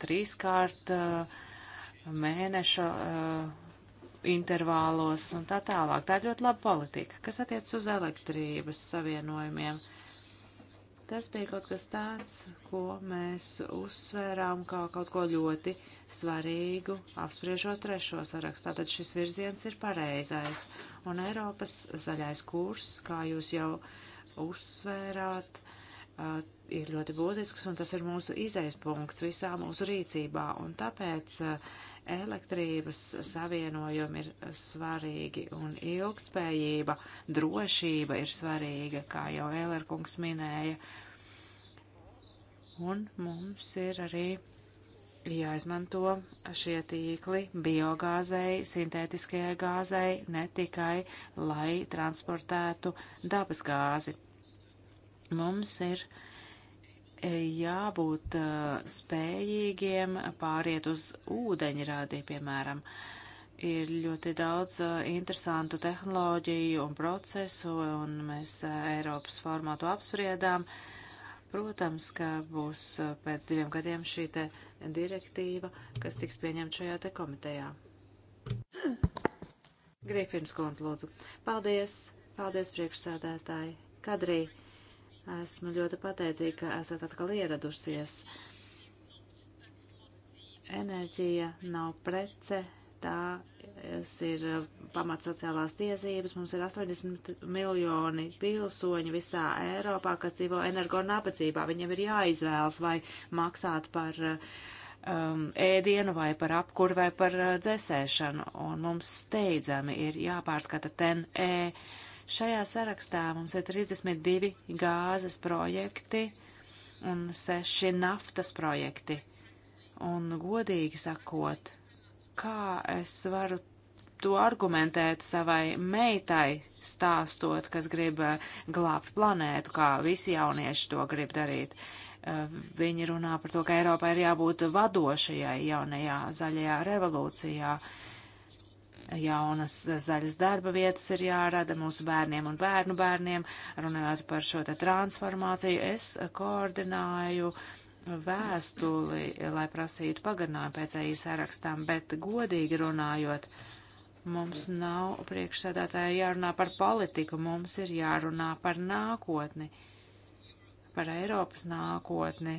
trīskārt, mēneša intervālos un tā tālāk. Tā ir ļoti laba politika, kas attiec uz elektrības savienojumiem. Uh, Tas bija kaut kas tāds, ko mēs uzsvērām kā kaut ko ļoti svarīgu, apspriežot trešo sarakstu. Tātad šis virziens ir pareizais. Un Eiropas zaļais kurs, kā jūs jau uzsvērāt, ir ļoti būtisks, un tas ir mūsu izaizpunkts visā mūsu rīcībā. Un tāpēc uh, Elektrības savienojumi ir svarīgi un ilgtspējība, drošība ir svarīga, kā jau Ēlerkungs minēja. Un mums ir arī jāizmanto šie tīkli biogāzei, sintētiskajai gāzei, ne tikai, lai transportētu dabas gāzi. Mums ir uh, jābūt spējīgiem pāriet uz ūdeņrādi, piemēram. Ir ļoti daudz interesantu tehnoloģiju un procesu, un mēs Eiropas formātu apspriedām. Protams, ka būs pēc diviem gadiem šī te direktīva, kas tiks pieņemta šajā te komitejā. Grīfins Kons, lūdzu. Paldies, paldies priekšsēdētāji. Kadrī. Esmu ļoti pateicīga, ka esat atkal ieradušies. Enerģija nav prece, tā ir eh, pamats sociālās tiesības. Mums ir 80 miljoni pilsoņi visā Eiropā, kas dzīvo energo nabadzībā. Viņiem ir jāizvēlas vai maksāt par eh, um, ēdienu vai par apkur vai par uh, dzēsēšanu. Un mums steidzami ir jāpārskata ten E. Uh, Šajā sarakstā mums ir 32 gāzes projekti un 6 naftas projekti. Un godīgi sakot, kā es varu to argumentēt savai meitai, stāstot, kas grib eh, glābt planētu, kā visi jaunieši to grib darīt. Eh, viņi runā par to, ka Eiropai ir jābūt vadošajai jaunajā zaļajā revolūcijā. Uh, jaunas eh, zaļas darba vietas ir jārada mūsu bērniem un bērnu bērniem. Runājot par šo te transformāciju, es koordināju vēstuli, lai prasītu pagarinājumu pēc EI sarakstām, bet godīgi runājot, mums nav priekšsēdētāji jārunā par politiku, mums ir jārunā par nākotni, par Eiropas nākotni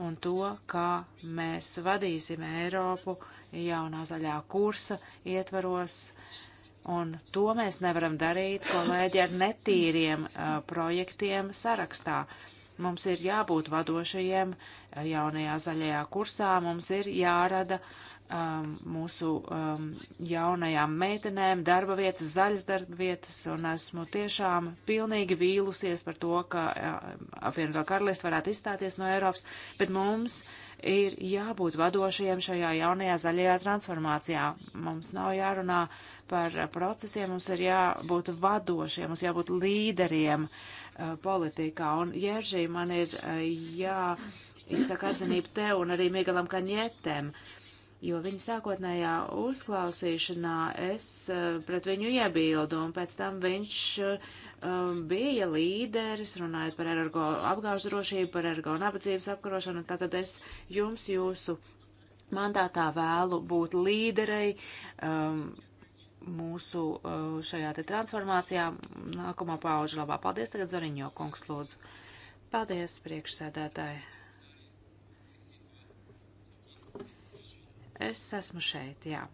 un to, kā mēs vadīsim Eiropu jaunā zaļā kursa ietvaros. Un to mēs nevaram darīt, kolēģi, ar netīriem uh, projektiem sarakstā. Mums ir jābūt vadošajiem jaunajā zaļajā kursā, mums ir jārada uh, um, mūsu um, jaunajām meitenēm, darba vietas, zaļas darba vietas, un esmu tiešām pilnīgi vīlusies par to, ka um, apvienotā karalista varētu izstāties no Eiropas, bet mums ir jābūt vadošajiem šajā jaunajā zaļajā transformācijā. Mums nav jārunā par procesiem, mums ir jābūt vadošiem, mums jābūt līderiem uh, politikā, un Jeržī man ir uh, jā. Izsaka atzinību tev un arī Miguelam Kaņetem. Uh, jo viņa sākotnējā uzklausīšanā es eh, pret viņu iebildu, un pēc tam viņš um, bija līderis, runājot par ergo apgāžu drošību, par ergo nabadzības apkarošanu, un tātad es jums jūsu mandātā vēlu būt līderei um, mūsu uh, šajā te transformācijā nākamā pauģa labā. Paldies tagad Zoriņo kungs lūdzu. Paldies priekšsēdētāji. Es esmu šeit, jā.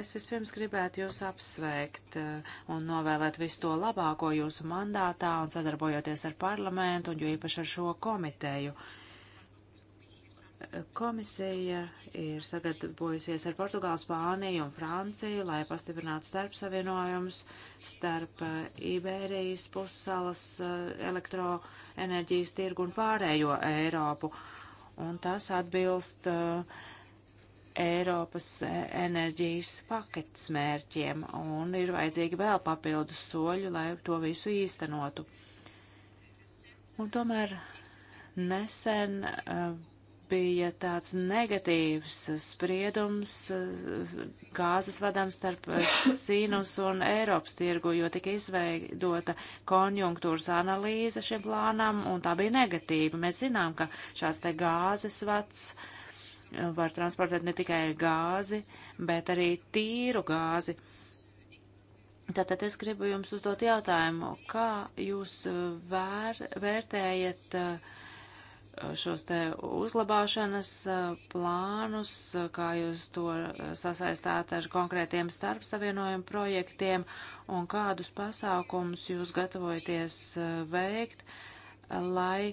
Es vispirms gribētu jūs apsveikt uh, un novēlēt visu to labāko jūsu mandātā un sadarbojoties ar parlamentu un jo īpaši ar šo komiteju. Komisija ir sagatavojusies ar Portugālu, Spāniju un Franciju, lai pastiprinātu starp savienojumus uh, starp Iberijas pussalas uh, elektroenerģijas tirgu un pārējo Eiropu. Un tas atbilst uh, Eiropas e, enerģijas paketes mērķiem, un ir vajadzīgi vēl papildus soļi, lai to visu īstenotu. Un tomēr nesen e, bija tāds negatīvs spriedums e, gāzes vadām starp Sīnus un Eiropas tirgu, jo tika izveidota konjunktūras analīze šim plānam, un tā bija negatīva. Mēs zinām, ka šāds te gāzes vads uh, var transportēt ne tikai gāzi, bet arī tīru gāzi. Tātad es gribu jums uzdot jautājumu, kā jūs uh, vēr, vērtējat uh, šos te uzlabāšanas uh, plānus, kā jūs to sasaistāt ar konkrētiem starpsavienojumu projektiem un kādus pasākumus jūs gatavojaties veikt, lai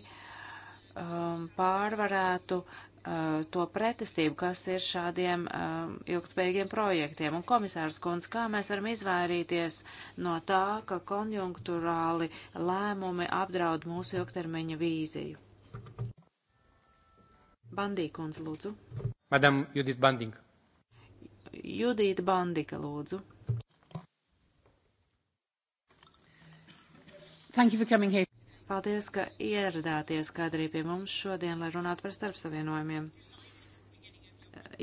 um, pārvarētu uh, Uh, to pretestību, kas ir šādiem uh, ilgspējīgiem projektiem. Un komisārs kundze, kā mēs varam izvairīties no tā, ka konjunkturāli lēmumi apdraud mūsu ilgtermiņa vīziju? Bandī kundze, lūdzu. Madam Judita Bandinga. Judita Bandika, lūdzu. Thank you for coming here. Paldies, ka ieradāties kādreiz pie mums šodien, lai runātu par starpsavienojumiem.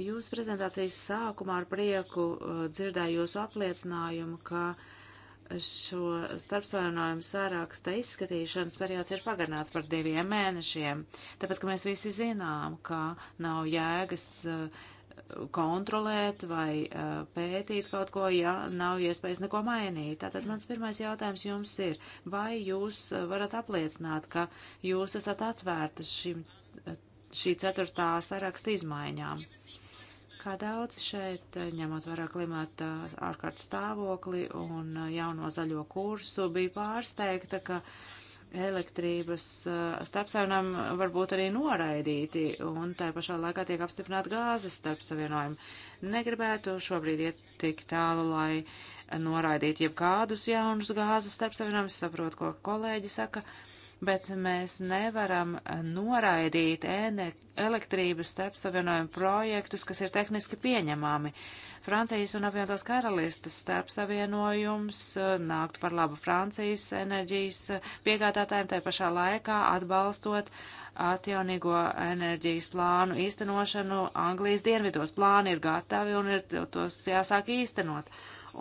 Jūsu prezentācijas sākumā ar prieku uh, dzirdēju jūsu apliecinājumu, ka šo starpsavienojumu sāraksta izskatīšanas periods ir pagarināts par diviem mēnešiem, tāpēc, ka mēs visi zinām, ka nav jēgas uh, kontrolēt vai eh, pētīt kaut ko, ja nav iespējas neko mainīt. Tātad mans pirmais jautājums jums ir, vai jūs eh, varat apliecināt, ka jūs esat atvērta šim, eh, šī ceturtā saraksta izmaiņām? Kā daudz šeit, ņemot vērā klimata ārkārtas stāvokli un jauno zaļo kursu, bija pārsteigta, ka uh, elektrības starpsavienojumi var būt arī noraidīti, un tā pašā laikā tiek apstiprināta gāzes starpsavienojumi. Negribētu šobrīd iet tik tālu, lai noraidītu jebkādus jaunus gāzes starpsavienojumus, saprot, ko kolēģi saka, bet mēs nevaram noraidīt elektrības starpsavienojumu projektus, kas ir tehniski pieņemami. Uh, Francijas un apvienotās karalistas starpsavienojums eh, nāktu par labu Francijas enerģijas eh, piegādātājiem, tai pašā laikā atbalstot atjaunīgo enerģijas plānu īstenošanu Anglijas dienvidos. Plāni ir gatavi un ir tos jāsāk īstenot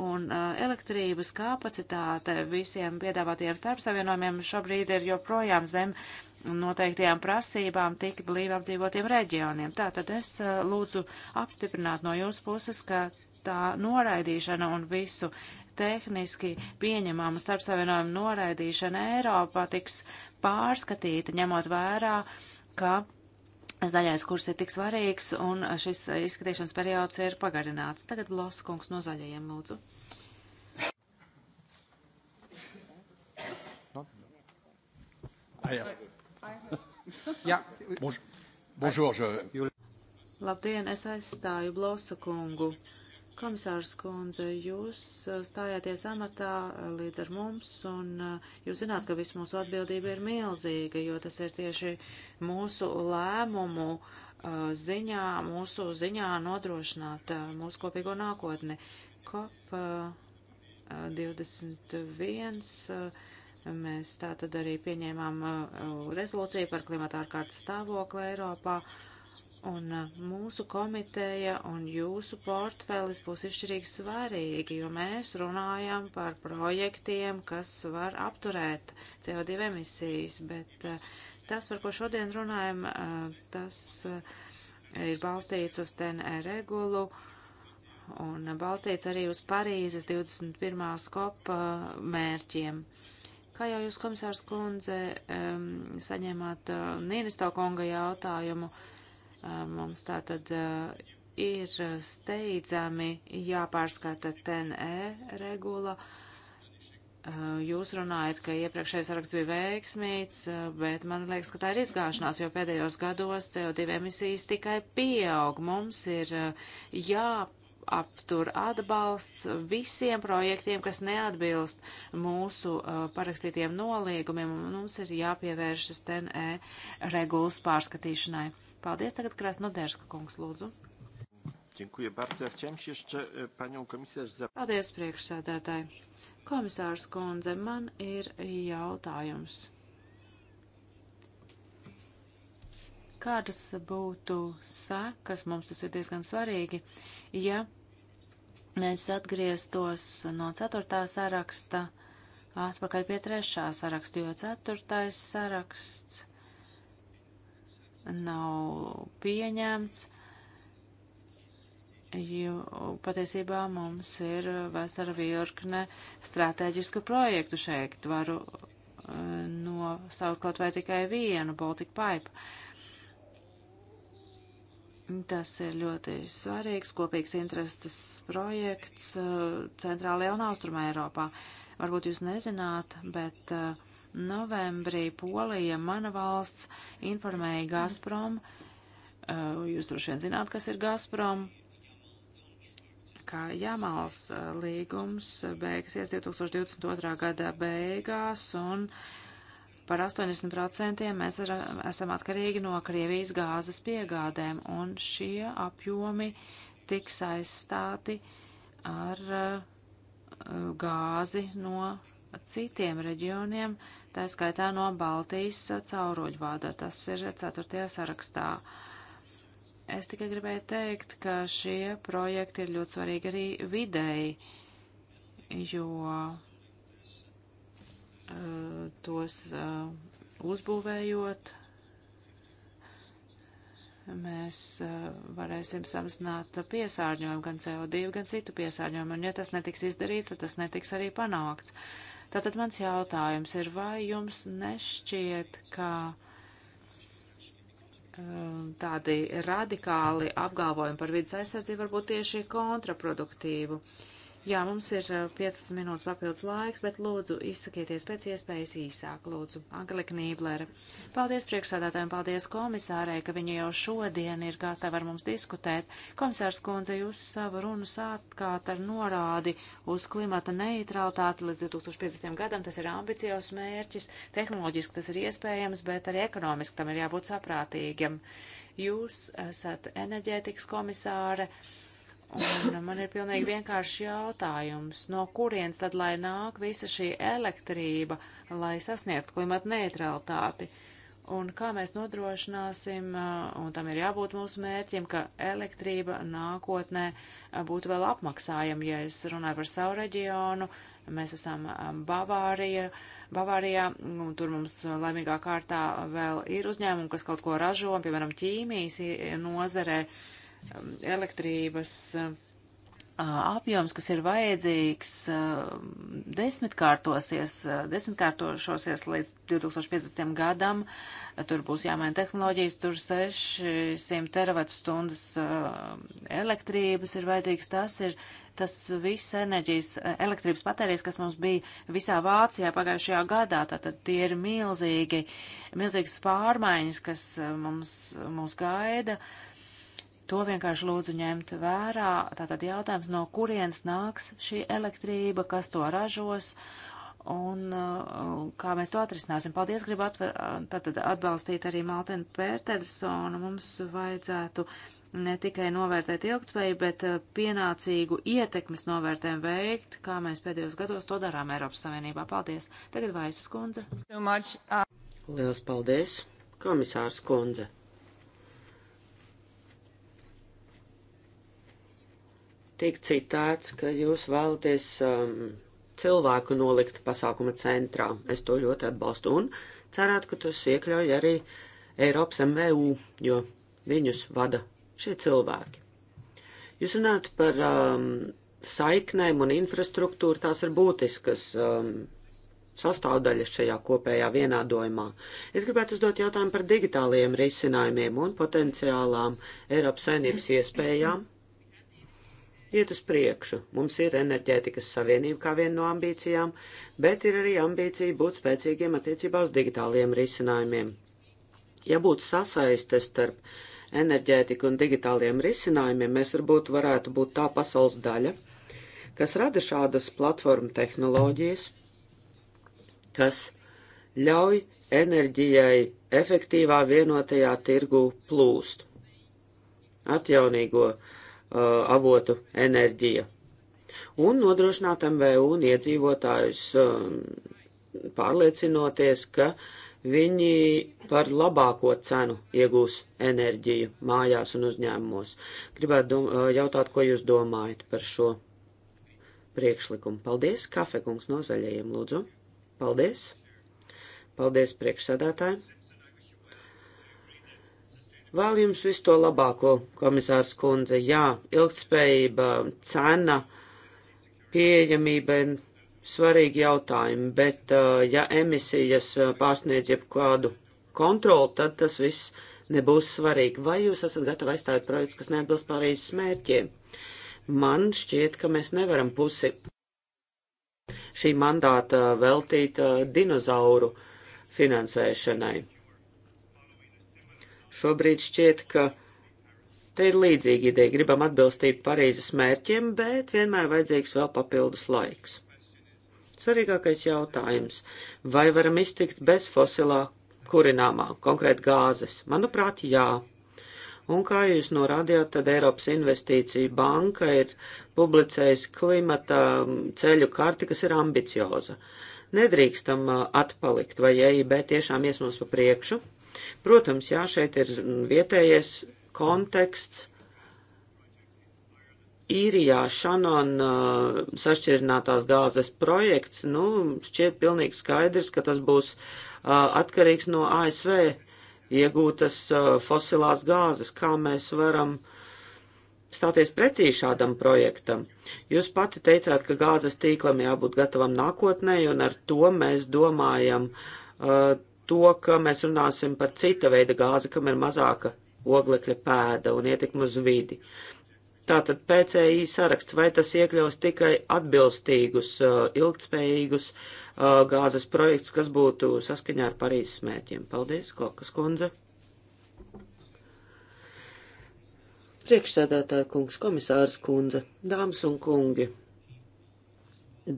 un uh, elektrības kapacitāte visiem piedāvātajiem starpsavienojumiem šobrīd ir joprojām zem noteiktajām prasībām tik blīvi apdzīvotiem reģioniem. Tātad es eh, lūdzu apstiprināt no jūsu puses, ka tā noraidīšana un visu tehniski pieņemamu starpsavienojumu noraidīšana Eiropā tiks pārskatīta, ņemot vērā, ka zaļais kurs ir tik svarīgs un šis izskatīšanas periods ir pagarināts. Tagad Bloskungs no zaļajiem lūdzu. Ah, jā. Jā, bonjour. Je... Labdien, es aizstāju Blosa kungu. Komisārs kundze, jūs eh, stājāties amatā eh, līdz ar mums, un eh, jūs zināt, ka visu mūsu atbildība ir milzīga, jo tas ir tieši mūsu lēmumu ziņā, mūsu ziņā nodrošināt mūsu kopīgo nākotni. COP 21 Mēs tā tad arī pieņēmām uh, uh, rezolūciju par klimata ārkārtas stāvokli Eiropā. Un uh, mūsu komiteja un jūsu portfēlis būs izšķirīgi svarīgi, jo mēs runājam par projektiem, kas var apturēt CO2 emisijas, bet tas, par ko šodien runājam, tas ir balstīts uz TNE regulu un balstīts arī uz Parīzes 21. kopa mērķiem. Uh, Kā jau jūs, komisārs kundze, um, saņēmāt uh, Nīnesto konga jautājumu, uh, mums tā tad uh, eh, ir steidzami jāpārskata TNE regula. Jūs runājat, ka iepriekšējais saraksts bija veiksmīgs, bet man liekas, ka tā ir izgāšanās, jo pēdējos gados CO2 emisijas tikai pieaug. Mums ir jā aptur atbalsts visiem projektiem, kas neatbilst mūsu uh, parakstītiem noliegumiem, un mums ir jāpievēršas TNE regulas pārskatīšanai. Paldies, tagad Krasnodērska kungs, lūdzu. Dziękuję bardzo. Chciałem się jeszcze e, panią komisarz zapytać. Paldies, priekšsēdētāji. Komisārs kundze, man ir jautājums. kādas būtu sekas, mums tas ir diezgan svarīgi, ja es atgrieztos no ceturtā saraksta atpakaļ pie trešā saraksta, jo ceturtais saraksts nav pieņemts. Jo patiesībā mums ir vesela virkne strateģisku projektu šeit. Varu eh, nosaukt kaut vai tikai vienu Baltic Pipe. Uh, Tas ir ļoti svarīgs kopīgs intereses projekts uh, centrālajā un austrumē Eiropā. Varbūt jūs nezināt, bet uh, novembrī Polija, mana valsts, informēja Gazprom. Uh, jūs droši vien zināt, kas ir Gazprom, ka Jamals līgums beigsies 2022. gada beigās un uh, Par 80% mēs ar, esam atkarīgi no Krievijas gāzes piegādēm, un šie apjomi tiks aizstāti ar uh, gāzi no citiem reģioniem, tā skaitā no Baltijas cauroļvāda. Tas ir 4. sarakstā. Es tikai gribēju teikt, ka šie projekti ir ļoti svarīgi arī videi, jo Eh, tos eh, uzbūvējot, mēs eh, varēsim samazināt piesārņojumu, gan CO2, gan citu piesārņojumu, un ja tas netiks izdarīts, tad tas netiks arī panākts. Tātad mans jautājums ir, vai jums nešķiet, ka tādi radikāli apgalvojumi par vidas aizsardzību var būt tieši kontraproduktīvu? Uh, Jā, mums ir 15 eh, minūtes papildus laiks, bet lūdzu izsakieties pēc iespējas īsāk, lūdzu, Angelika Nīblera. Paldies priekšsādātājiem, paldies komisārei, ka viņa jau šodien ir gatava ar mums diskutēt. Komisārs Kundze, jūs savu runu sākāt ar norādi uz klimata neutralitāti līdz 2050. gadam. Tas ir ambiciozs mērķis, tehnoloģiski tas ir iespējams, bet arī ekonomiski tam ir jābūt saprātīgiem. Jūs esat enerģētikas komisāre. Uh, Un man ir pilnīgi vienkārši jautājums, no kurienes tad lai nāk visa šī elektrība, lai sasniegtu klimata neutralitāti? Un kā mēs nodrošināsim, uh, un tam ir jābūt mūsu mērķim, ka elektrība nākotnē uh, būtu vēl apmaksājama, ja es runāju par savu reģionu, mēs esam um, Bavārija, Bavārijā, un tur mums laimīgā kārtā vēl ir uzņēmumi, kas kaut ko ražo, piemēram, ķīmijas nozarē. Uh, Um, elektrības um, apjoms, kas ir vajadzīgs, um, desmitkārtosies, desmitkārtošosies līdz 2050. gadam. Tur būs jāmaina tehnoloģijas, tur 600 teravatu stundas elektrības ir vajadzīgs. Tas ir tas viss enerģijas, elektrības patērijas, kas mums bija visā Vācijā pagājušajā gadā. Tātad tie ir milzīgi, milzīgas pārmaiņas, kas mums, mums gaida. Uh, To vienkārši lūdzu ņemt vērā. Tātad jautājums, no kurienes nāks šī elektrība, kas to ražos un uh, kā mēs to atrisināsim. Paldies, gribu atver, uh, tātad atbalstīt arī Maltenu Pērtelsonu. Mums vajadzētu ne tikai novērtēt ilgtspēju, bet uh, pienācīgu ietekmes novērtējumu veikt, kā mēs pēdējos gados to darām Eiropas Savienībā. Paldies. Tagad Vaisas kundze. Lielas paldies, komisārs kundze. Tik citāts, ka jūs vēlaties um, cilvēku nolikt pasākuma centrā. Es to ļoti atbalstu un cerētu, ka tas iekļauj arī Eiropas MVU, jo viņus vada šie cilvēki. Jūs runājat par um, saiknēm un infrastruktūru, tās ir būtiskas um, sastāvdaļas šajā kopējā vienādojumā. Es gribētu uzdot jautājumu par digitāliem risinājumiem un potenciālām Eiropas saimnības iespējām iet uz priekšu. Mums ir enerģētikas savienība kā viena no ambīcijām, bet ir arī ambīcija būt spēcīgiem attiecībā uz digitāliem risinājumiem. Ja būtu sasaiste starp enerģētiku un digitāliem risinājumiem, mēs varbūt varētu būt tā pasaules daļa, kas rada šādas platformu tehnoloģijas, kas ļauj enerģijai efektīvā vienotajā tirgu plūst. Atjaunīgo uh, Uh, avotu enerģija un nodrošināt MVU un iedzīvotājus um, pārliecinoties, ka viņi par labāko cenu iegūs enerģiju mājās un uzņēmumos. Gribētu uh, jautāt, ko jūs domājat par šo priekšlikumu. Paldies, kafekungs no zaļajiem, lūdzu. Paldies. Paldies priekšsēdētājiem. Vēl jums visu to labāko, komisārs kundze. Jā, ilgtspējība, cena, pieejamība ir svarīgi jautājumi, bet uh, ja emisijas uh, pārsniedz jebkādu kontroli, tad tas viss nebūs svarīgi. Vai jūs esat gatavi aizstāvēt projekts, kas neatbilst Pārīzes mērķiem? Man šķiet, ka mēs nevaram pusi šī mandāta veltīt uh, dinozauru finansēšanai. Šobrīd šķiet, ka te ir līdzīga ideja. Gribam atbilstību Parīzes mērķiem, bet vienmēr vajadzīgs vēl papildus laiks. Svarīgākais jautājums - vai varam iztikt bez fosilā kurināmā, konkrēt gāzes? Manuprāt, jā. Un kā jūs norādījāt, tad Eiropas investīcija banka ir publicējusi klimata ceļu karti, kas ir ambicioza. Nedrīkstam uh, atpalikt, vai EIB tiešām ies mums pa priekšu, Protams, jā, šeit ir vietējais konteksts. Īrijā Šanon uh, sašķirinātās gāzes projekts, nu, šķiet pilnīgi skaidrs, ka tas būs uh, atkarīgs no ASV iegūtas uh, fosilās gāzes, kā mēs varam stāties pretī šādam projektam. Jūs pati teicāt, ka gāzes tīklam jābūt gatavam nākotnē, un ar to mēs domājam uh, to, ka mēs runāsim par cita veida gāzi, kam ir mazāka oglekļa pēda un ietekma uz vidi. Tātad PCI saraksts, vai tas iekļaus tikai atbilstīgus, uh, ilgtspējīgus uh, gāzes projekts, kas būtu saskaņā ar Parīzes mērķiem? Paldies, Klokas kundze. Priekšsēdētāja kungs, komisārs kundze, dāmas un kungi,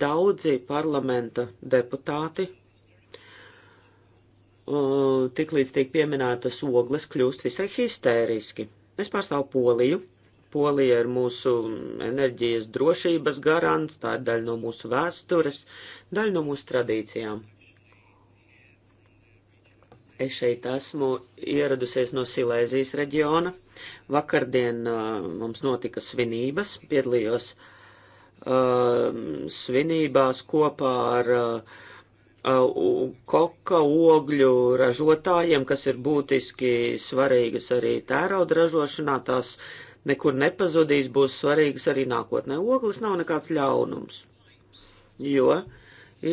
daudzi parlamenta deputāti uh, tiklīdz tiek pieminētas ogles, kļūst visai histēriski. Es pārstāvu Poliju. Polija ir mūsu enerģijas drošības garants, tā ir daļa no mūsu vēstures, daļa no mūsu tradīcijām. Es šeit esmu ieradusies no Silēzijas reģiona. Vakardien uh, mums notika svinības, piedalījos uh, svinībās kopā ar uh, Uh, koka ogļu ražotājiem, kas ir būtiski svarīgas arī tērauda ražošanā, tās nekur nepazudīs, būs svarīgas arī nākotnē. Oglis nav nekāds ļaunums, jo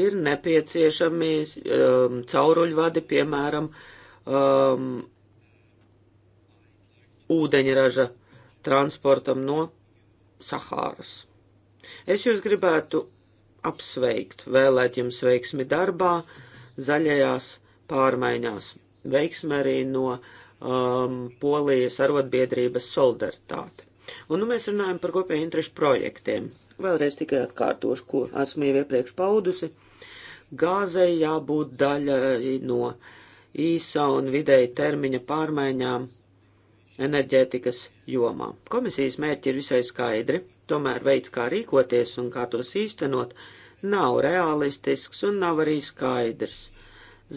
ir nepieciešami um, cauruļvadi, piemēram, um, ūdeņraža transportam no Sahāras. Es jūs gribētu apsveikt, vēlēt jums veiksmi darbā, zaļajās pārmaiņās. Veiksmi arī no um, Polijas arotbiedrības solidaritāte. Un nu mēs runājam par kopēju interešu projektiem. Vēlreiz tikai atkārtošu, ko esmu jau iepriekš paudusi. Gāzei jābūt daļai no īsa un vidēja termiņa pārmaiņām enerģētikas jomā. Komisijas mērķi ir visai skaidri Tomēr veids, kā rīkoties un kā tos īstenot, nav realistisks un nav arī skaidrs.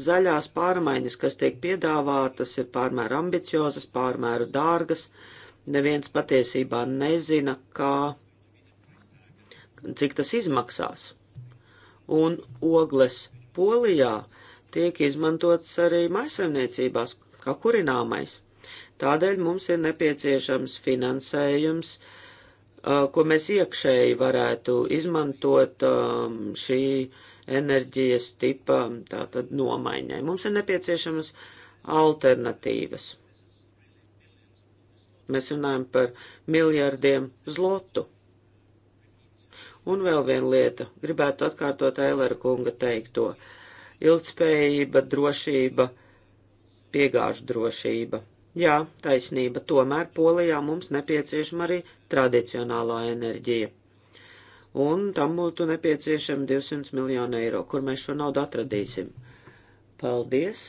Zaļās pārmaiņas, kas tiek piedāvātas, ir pārmēr ambiciozas, pārmēru dārgas. Neviens patiesībā nezina, kā, cik tas izmaksās. Un ogles polijā tiek izmantots arī maisaimniecībās kā kurināmais. Tādēļ mums ir nepieciešams finansējums uh, Uh, ko mēs iekšēji varētu izmantot um, šī enerģijas tipa um, tātad nomaiņai. Mums ir nepieciešamas alternatīvas. Mēs runājam par miljardiem zlotu. Un vēl viena lieta, gribētu atkārtot Eilera kunga teikto - ilgspējība, drošība, piegāžu drošība. Jā, taisnība, tomēr Polijā mums nepieciešama arī tradicionālā enerģija. Un tam būtu nepieciešama 200 miljonu eiro, kur mēs šo naudu atradīsim. Paldies!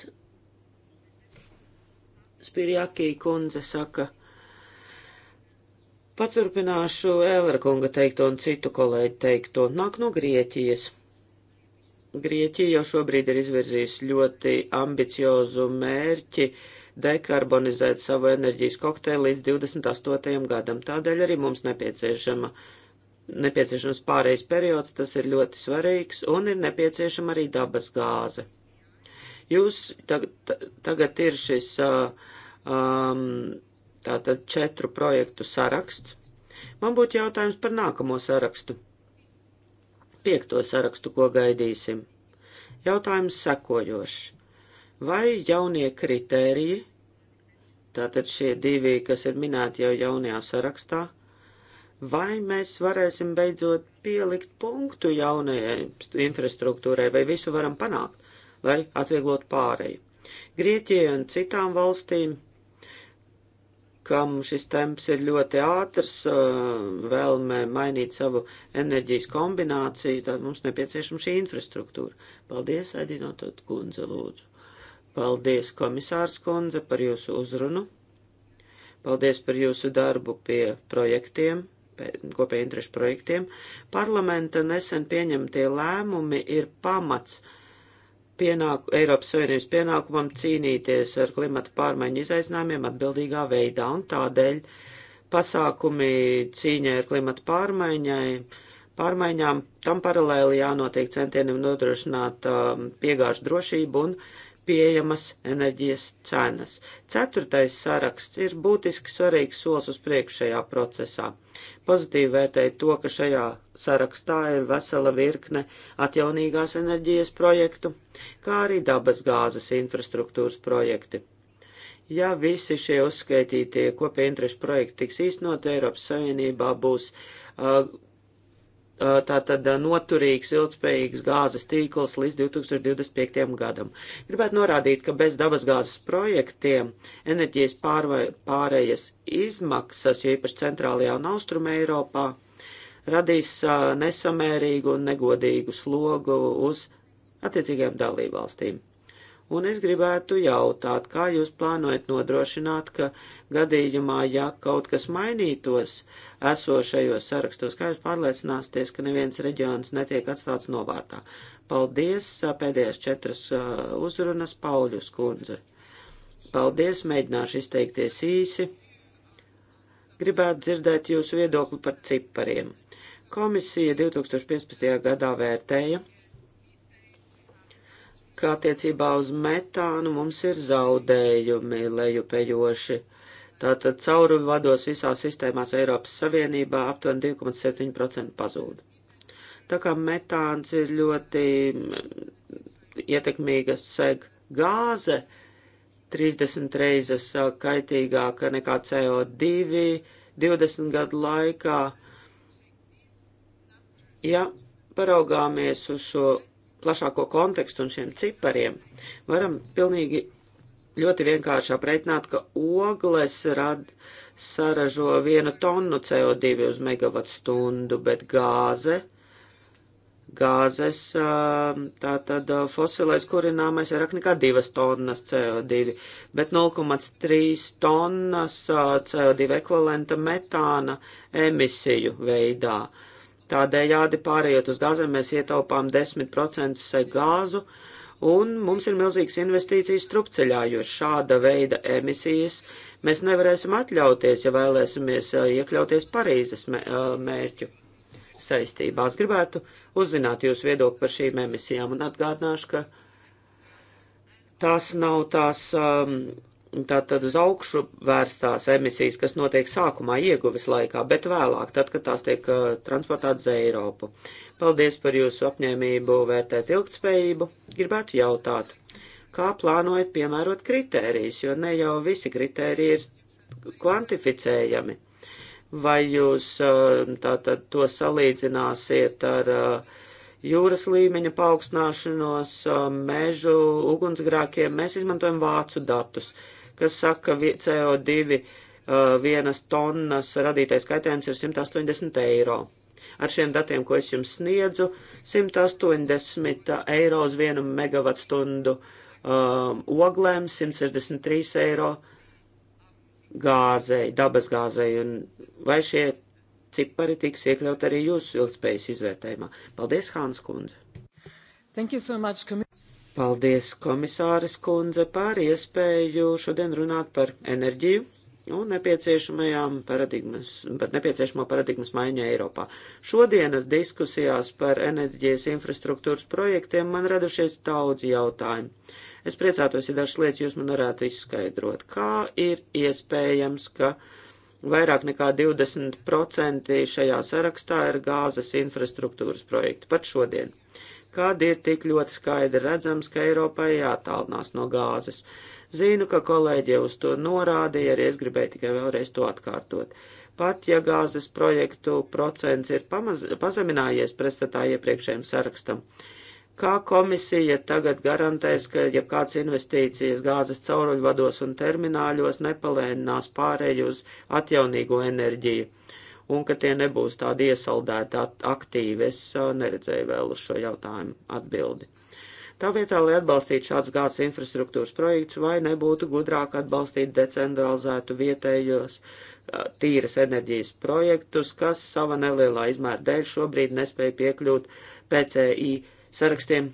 Spirjakī kundze saka. Paturpināšu Ēlera kunga teikto un citu kolēģi teikto. Nāk no Grieķijas. Grieķija jau šobrīd ir izvirzījusi ļoti ambiciozu mērķi uh, dekarbonizēt savu enerģijas kokteili līdz 28. gadam. Tādēļ arī mums nepieciešama, nepieciešams pārejas periods, tas ir ļoti svarīgs, un ir nepieciešama arī dabas gāze. Jūs tag, tagad ir šis um, tātad četru projektu saraksts. Man būtu jautājums par nākamo sarakstu. Piekto sarakstu, ko gaidīsim. Jautājums sekojošs Vai jaunie kritēriji, tātad šie divi, kas ir minēti jau jaunajā sarakstā, vai mēs varēsim beidzot pielikt punktu jaunajai infrastruktūrai, vai visu varam panākt, lai atvieglotu pārēju. Grieķijai un citām valstīm, kam šis temps ir ļoti ātrs, uh, vēlme mainīt savu enerģijas kombināciju, tad mums nepieciešama šī infrastruktūra. Paldies, Edinotot Kundze, lūdzu. Paldies, komisārs kundze, par jūsu uzrunu. Paldies par jūsu darbu pie projektiem, kopēja interešu projektiem. Parlamenta nesen pieņemtie lēmumi ir pamats pienāku, Eiropas Savienības pienākumam cīnīties ar klimata pārmaiņu izaicinājumiem atbildīgā veidā, un tādēļ pasākumi cīņai ar klimata pārmaiņai, pārmaiņām tam paralēli jānotiek centieniem nodrošināt um, piegāžu drošību un uh, pieejamas enerģijas cenas. Ceturtais saraksts ir būtiski svarīgs solis uz priekšējā procesā. Pozitīvi vērtēju to, ka šajā sarakstā ir vesela virkne atjaunīgās enerģijas projektu, kā arī dabas gāzes infrastruktūras projekti. Ja visi šie uzskaitītie kopēji interešu projekti tiks īstenot, Eiropas Savienībā būs uh, tātad noturīgs, ilgspējīgs gāzes tīkls līdz 2025. gadam. Gribētu norādīt, ka bez dabasgāzes projektiem enerģijas pārvai, pārējas izmaksas, jo īpaši centrālajā un austruma Eiropā, radīs nesamērīgu un negodīgu slogu uz attiecīgajām dalībvalstīm un es gribētu jautāt, kā jūs plānojat nodrošināt, ka gadījumā, ja kaut kas mainītos esošajos sarakstos, kā jūs pārliecināsieties, ka neviens reģions netiek atstāts novārtā. Paldies, pēdējās četras uzrunas Pauļus kundze. Paldies, mēģināšu izteikties īsi. Gribētu dzirdēt jūsu viedokli par cipariem. Komisija 2015. gadā vērtēja ka attiecībā uz metānu mums ir zaudējumi lejupējoši. Tātad cauri vados visās sistēmās Eiropas Savienībā aptuveni 2,7% pazūd. Tā kā metāns ir ļoti mm, ietekmīga seg gāze, 30 reizes kaitīgāka nekā CO2 20 gadu laikā. Ja paraugāmies uz šo plašāko kontekstu un šiem cipariem, varam pilnīgi ļoti vienkārši apreitināt, ka ogles rad saražo vienu tonu CO2 uz megavatu stundu, bet gāze, gāzes, tā tad fosilais kurināmais vairāk nekā divas tonnas CO2, bet 0,3 tonnas CO2 ekvalenta metāna emisiju veidā. Uh, Tādējādi pārējot uz gāzēm mēs ietaupām 10% seg gāzu, un mums ir milzīgas investīcijas strupceļā, jo šāda veida emisijas mēs nevarēsim atļauties, ja vēlēsimies eh, iekļauties Parīzes eh, mērķu saistībās. Gribētu uzzināt jūsu viedokli par šīm emisijām un atgādināšu, ka tās nav tās. Um, tātad uz augšu vērstās emisijas, kas notiek sākumā ieguves laikā, bet vēlāk, tad, kad tās tiek uh, transportētas uz Eiropu. Paldies par jūsu apņēmību vērtēt ilgtspējību. Gribētu jautāt, kā plānojat piemērot kritērijus, jo ne jau visi kritēriji ir kvantificējami. Vai jūs uh, tātad to salīdzināsiet ar uh, jūras līmeņa paaugstināšanos, uh, mežu ugunsgrākiem, mēs izmantojam vācu datus kas saka, ka CO2 uh, vienas tonnas radītais kaitējums ir 180 eiro. Ar šiem datiem, ko es jums sniedzu, 180 eiro uz vienu megavatstundu um, oglēm, 163 eiro gāzei, dabas gāzei, un vai šie cipari tiks iekļaut arī jūsu ilgspējas izvērtējumā. Paldies, Hāns kundze! Thank you so much, Paldies, komisāres kundze, par iespēju šodien runāt par enerģiju un nepieciešamajām paradigmas, par nepieciešamo paradigmas maiņu Eiropā. Šodienas diskusijās par enerģijas infrastruktūras projektiem man radušies daudz jautājumu. Es priecātos, ja dažas lietas jūs man varētu izskaidrot. Kā ir iespējams, ka vairāk nekā 20% šajā sarakstā ir gāzes infrastruktūras projekti pat šodien? Uh, kad ir tik ļoti skaidri redzams, ka Eiropai jātālinās no gāzes. Zinu, ka kolēģi jau uz to norādīja, arī es gribēju tikai vēlreiz to atkārtot. Pat ja gāzes projektu procents ir pamaz, pazeminājies pretstatā iepriekšējiem sarakstam, kā komisija tagad garantēs, ka ja kāds investīcijas gāzes cauruļvados un termināļos nepalēninās pārēju uz atjaunīgo enerģiju? un ka tie nebūs tādi iesaldēti aktīvi. Es neredzēju vēl uz šo jautājumu atbildi. Tā vietā, lai atbalstītu šāds gāzes infrastruktūras projekts, vai nebūtu gudrāk atbalstīt decentralizētu vietējos tīras enerģijas projektus, kas sava nelielā izmēra dēļ šobrīd nespēja piekļūt PCI sarakstiem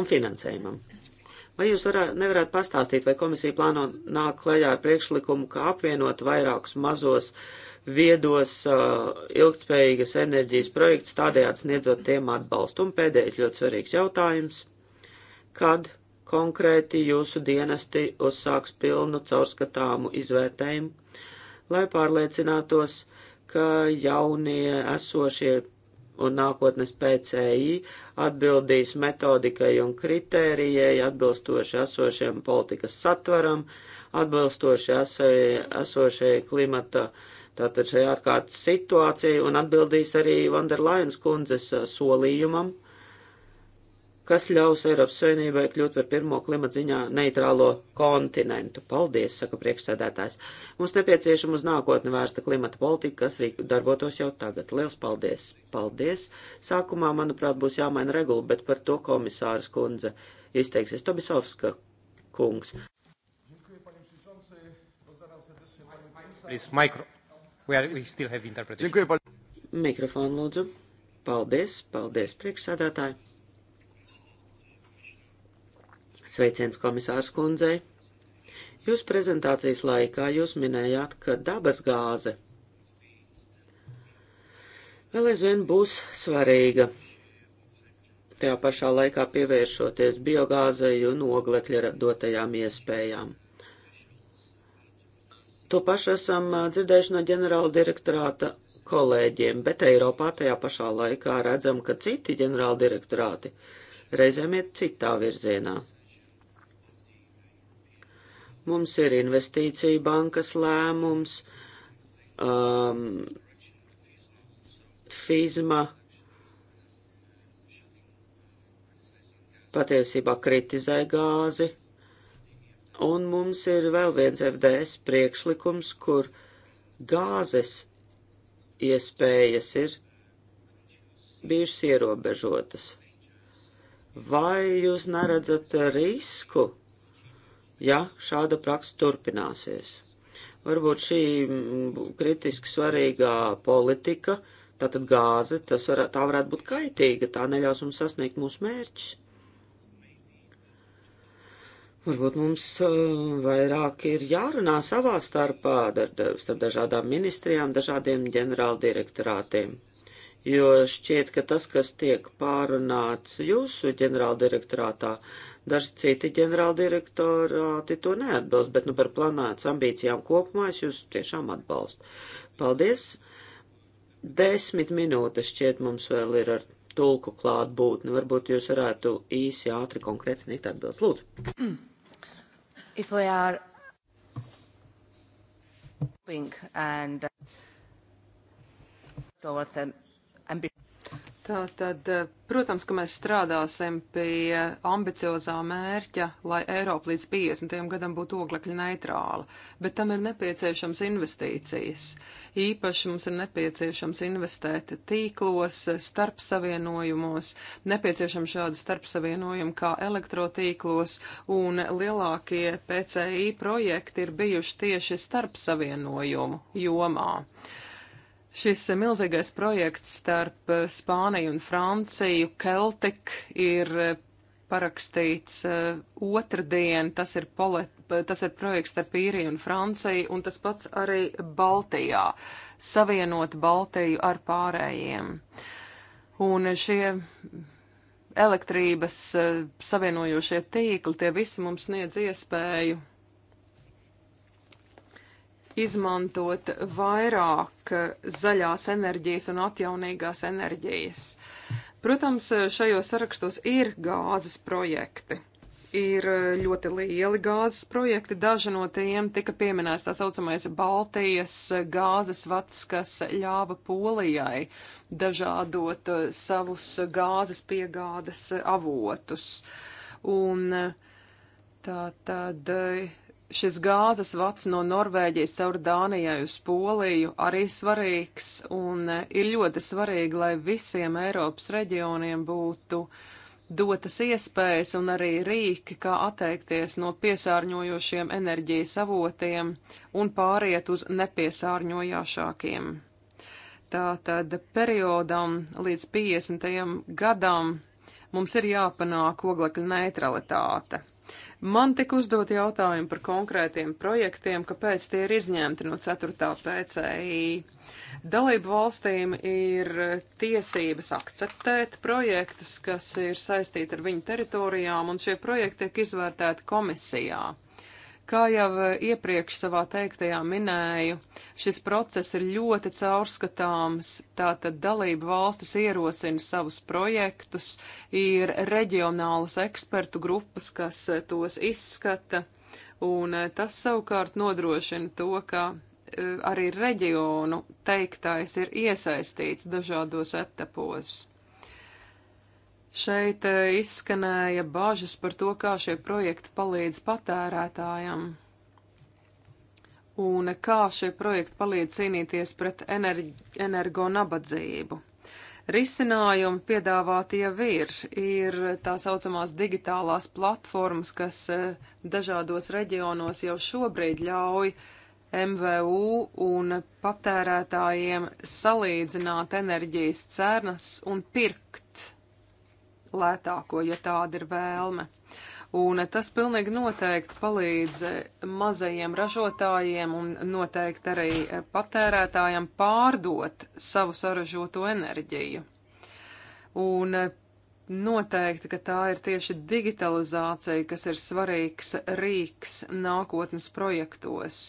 un finansējumam. Vai jūs varā, nevarētu pastāstīt, vai komisija plāno nākt klajā ar priekšlikumu, kā apvienot vairākus mazos uh, viedos uh, ilgtspējīgas enerģijas projekts, tādējādi sniedzot tiem atbalstu. Un pēdējais ļoti svarīgs jautājums - kad konkrēti jūsu dienesti uzsāks pilnu caurskatāmu izvērtējumu, lai pārliecinātos, ka jaunie esošie un nākotnes PCI atbildīs metodikai un kritērijai atbilstoši esošiem politikas satvaram, atbilstoši esošajai klimata uh, Tātad šajā ārkārtas situācija un atbildīs arī Vanderlainas kundzes uh, solījumam, kas ļaus Eiropas Savienībai kļūt par pirmo klimatziņā neitrālo kontinentu. Paldies, saka priekšsēdētājs. Mums nepieciešama uz nākotni vērsta klimata politika, kas rīk darbotos jau tagad. Liels paldies! Paldies! Sākumā, manuprāt, būs jāmaina regula, bet par to komisāras kundze izteiksies Tobisovska kungs. Please, micro. We are, we still have interpretation. Mikrofonu lūdzu. Paldies, paldies, priekšsādātāji. Sveiciens komisārs kundzei. Jūs prezentācijas laikā jūs minējāt, ka dabas gāze vēl aizvien būs svarīga. Tajā pašā laikā pievēršoties biogāzei un oglekļa dotajām iespējām. To pašu esam dzirdējuši no ģenerāla direktorāta kolēģiem, bet Eiropā tajā pašā laikā redzam, ka citi ģenerāla direktorāti reizēm iet citā virzienā. Mums ir investīcija bankas lēmums, um, fizma patiesībā kritizē gāzi Un mums ir vēl viens FDS priekšlikums, kur gāzes iespējas ir bijušas ierobežotas. Vai jūs neredzat risku, ja šāda praksa turpināsies? Varbūt šī kritiski svarīgā politika, tātad gāze, var, tā varētu būt kaitīga, tā neļaus mums sasniegt mūsu mērķus. Varbūt mums eh, vairāk ir jārunā savā starpā, starp dažādām ministrijām, dažādiem ģenerāldirektorātiem. Jo šķiet, ka tas, kas tiek pārunāts jūsu ģenerāldirektorātā, daži citi ģenerāldirektorāti to neatbilst, bet nu par planētas ambīcijām kopumā es jūs tiešām atbalstu. Paldies! Desmit minūtes šķiet mums vēl ir ar tulku klātbūtni. Varbūt jūs varētu īsi, ātri, konkrēti sniegt atbildes. Lūdzu! If we are and uh, towards the Tātad, eh, protams, ka mēs strādāsim pie ambiciozā mērķa, lai Eiropa līdz 50. gadam būtu oglekļa neitrāla, bet tam ir nepieciešams investīcijas. Īpaši mums ir nepieciešams investēt tīklos, starpsavienojumos, nepieciešams šādi starpsavienojumi kā elektrotīklos, un lielākie PCI projekti ir bijuši tieši starpsavienojumu jomā. Uh, Šis eh, milzīgais projekts starp eh, Spāniju un Franciju, Celtic, ir eh, parakstīts uh, otrdien. Tas ir, poli, tas ir projekts starp īriju un Franciju, un tas pats arī Baltijā - savienot Baltiju ar pārējiem. Un šie elektrības uh, savienojošie tīkli, tie visi mums sniedz iespēju izmantot vairāk zaļās enerģijas un atjaunīgās enerģijas. Protams, šajos sarakstos ir gāzes projekti. Ir ļoti lieli gāzes projekti, daži no tiem tika pieminēts tā saucamais Baltijas gāzes vats, kas ļāva Polijai dažādot savus gāzes piegādes avotus. Un tā tad šis gāzes vats no Norvēģijas caur Dānijai uz Poliju arī svarīgs un e, ir ļoti svarīgi, lai visiem Eiropas reģioniem būtu dotas iespējas un arī rīki, kā atteikties no piesārņojošiem enerģijas avotiem un pāriet uz nepiesārņojošākiem. Tātad periodam līdz 50. gadam mums ir jāpanāk oglekļa neutralitāte. Man tika uzdot jautājumi par konkrētiem projektiem, kāpēc tie ir izņemti no 4. PCI. Dalību valstīm ir tiesības akceptēt projektus, kas ir saistīti ar viņu teritorijām, un šie projekti tiek izvērtēti komisijā. Kā jau e, iepriekš savā teiktajā minēju, šis process ir ļoti caurskatāms, tātad dalība valstis ierosina savus projektus, ir reģionālas ekspertu grupas, kas e, tos izskata, un e, tas savukārt nodrošina to, ka arī reģionu teiktais ir iesaistīts dažādos etapos. Šeit eh, izskanēja bāžas par to, kā šie projekti palīdz patērētājam un kā šie projekti palīdz cīnīties pret energo nabadzību. Risinājumi piedāvāti jau ir, ir tā saucamās digitālās platformas, kas eh, dažādos reģionos jau šobrīd ļauj MVU un patērētājiem salīdzināt enerģijas cenas un pirkt lētāko, ja tāda ir vēlme. Un tas pilnīgi noteikti palīdz eh, mazajiem ražotājiem un noteikti arī eh, patērētājiem pārdot savu saražoto enerģiju. Un eh, noteikti, ka tā ir tieši digitalizācija, kas ir svarīgs rīks nākotnes projektos.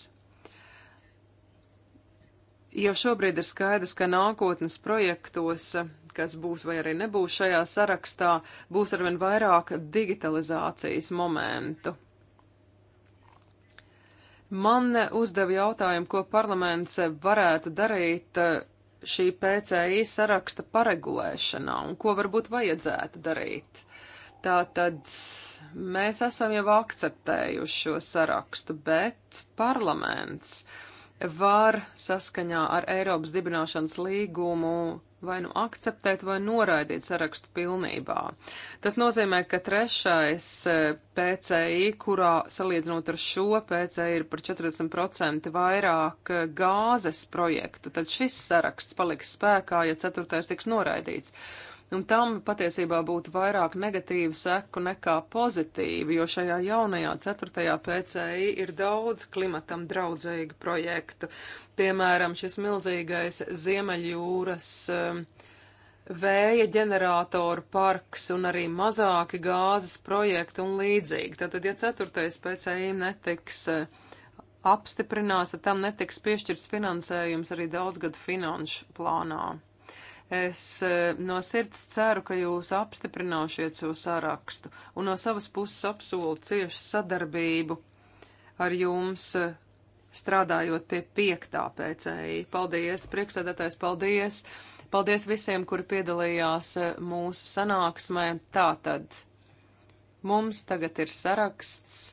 Jau šobrīd ir skaidrs, ka nākotnes projektos, kas būs vai arī nebūs šajā sarakstā, būs arvien vairāk digitalizācijas momentu. Man uzdeva jautājumu, ko parlaments varētu darīt eh, šī PCI saraksta paregulēšanā un ko varbūt vajadzētu darīt. Tātad mēs esam jau akceptējuši šo sarakstu, bet parlaments uh, var saskaņā ar Eiropas dibināšanas līgumu vai nu akceptēt vai noraidīt sarakstu pilnībā. Tas nozīmē, ka trešais e, PCI, kurā salīdzinot ar šo PCI ir par 40% vairāk e, gāzes projektu, tad šis saraksts paliks spēkā, ja ceturtais tiks noraidīts un tam patiesībā būtu vairāk negatīvu seku nekā pozitīvu, jo šajā jaunajā ceturtajā PCI ir daudz klimatam draudzīgu projektu. Piemēram, šis milzīgais Ziemeļjūras um, vēja ģeneratoru parks un arī mazāki gāzes projekti un līdzīgi. Tātad, ja ceturtais PCI netiks uh, apstiprinās, tad tam netiks piešķirts finansējums arī daudzgadu finanšu plānā. Es eh, no sirds ceru, ka jūs apstiprināsiet šo sārakstu un no savas puses apsolu ciešu sadarbību ar jums, eh, strādājot pie piektā pēcēji. Paldies, priekšsēdētājs, paldies! Paldies visiem, kuri piedalījās eh, mūsu sanāksmē. Tātad mums tagad ir saraksts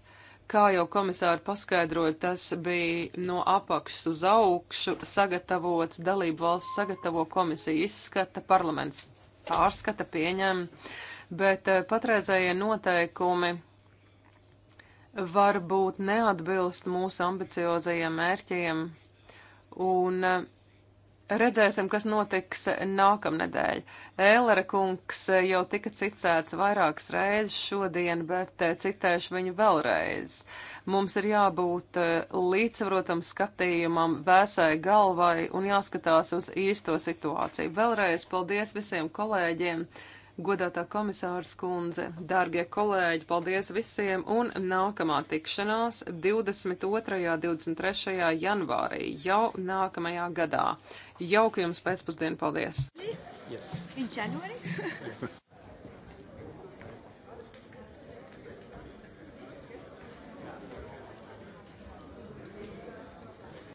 Kā jau komisāri paskaidroja, tas bija no apakšas uz augšu sagatavots, dalību valsts sagatavo komisija izskata, parlaments pārskata pieņem, bet eh, patreizējie noteikumi varbūt neatbilst mūsu ambiciozajiem mērķiem, un eh, Redzēsim, kas notiks nākamnedēļ. Ēlera kungs jau tika citēts vairākas reizes šodien, bet eh, citēšu viņu vēlreiz. Mums ir jābūt eh, līdzsvarotam skatījumam, vēsai galvai un jāskatās uz īsto situāciju. Vēlreiz paldies visiem kolēģiem! godātā komisāra skundze, dārgie kolēģi, paldies visiem un nākamā tikšanās 22. 23. janvārī jau nākamajā gadā. Jauka jums pēcpusdienu, paldies! Yes. In January? yes.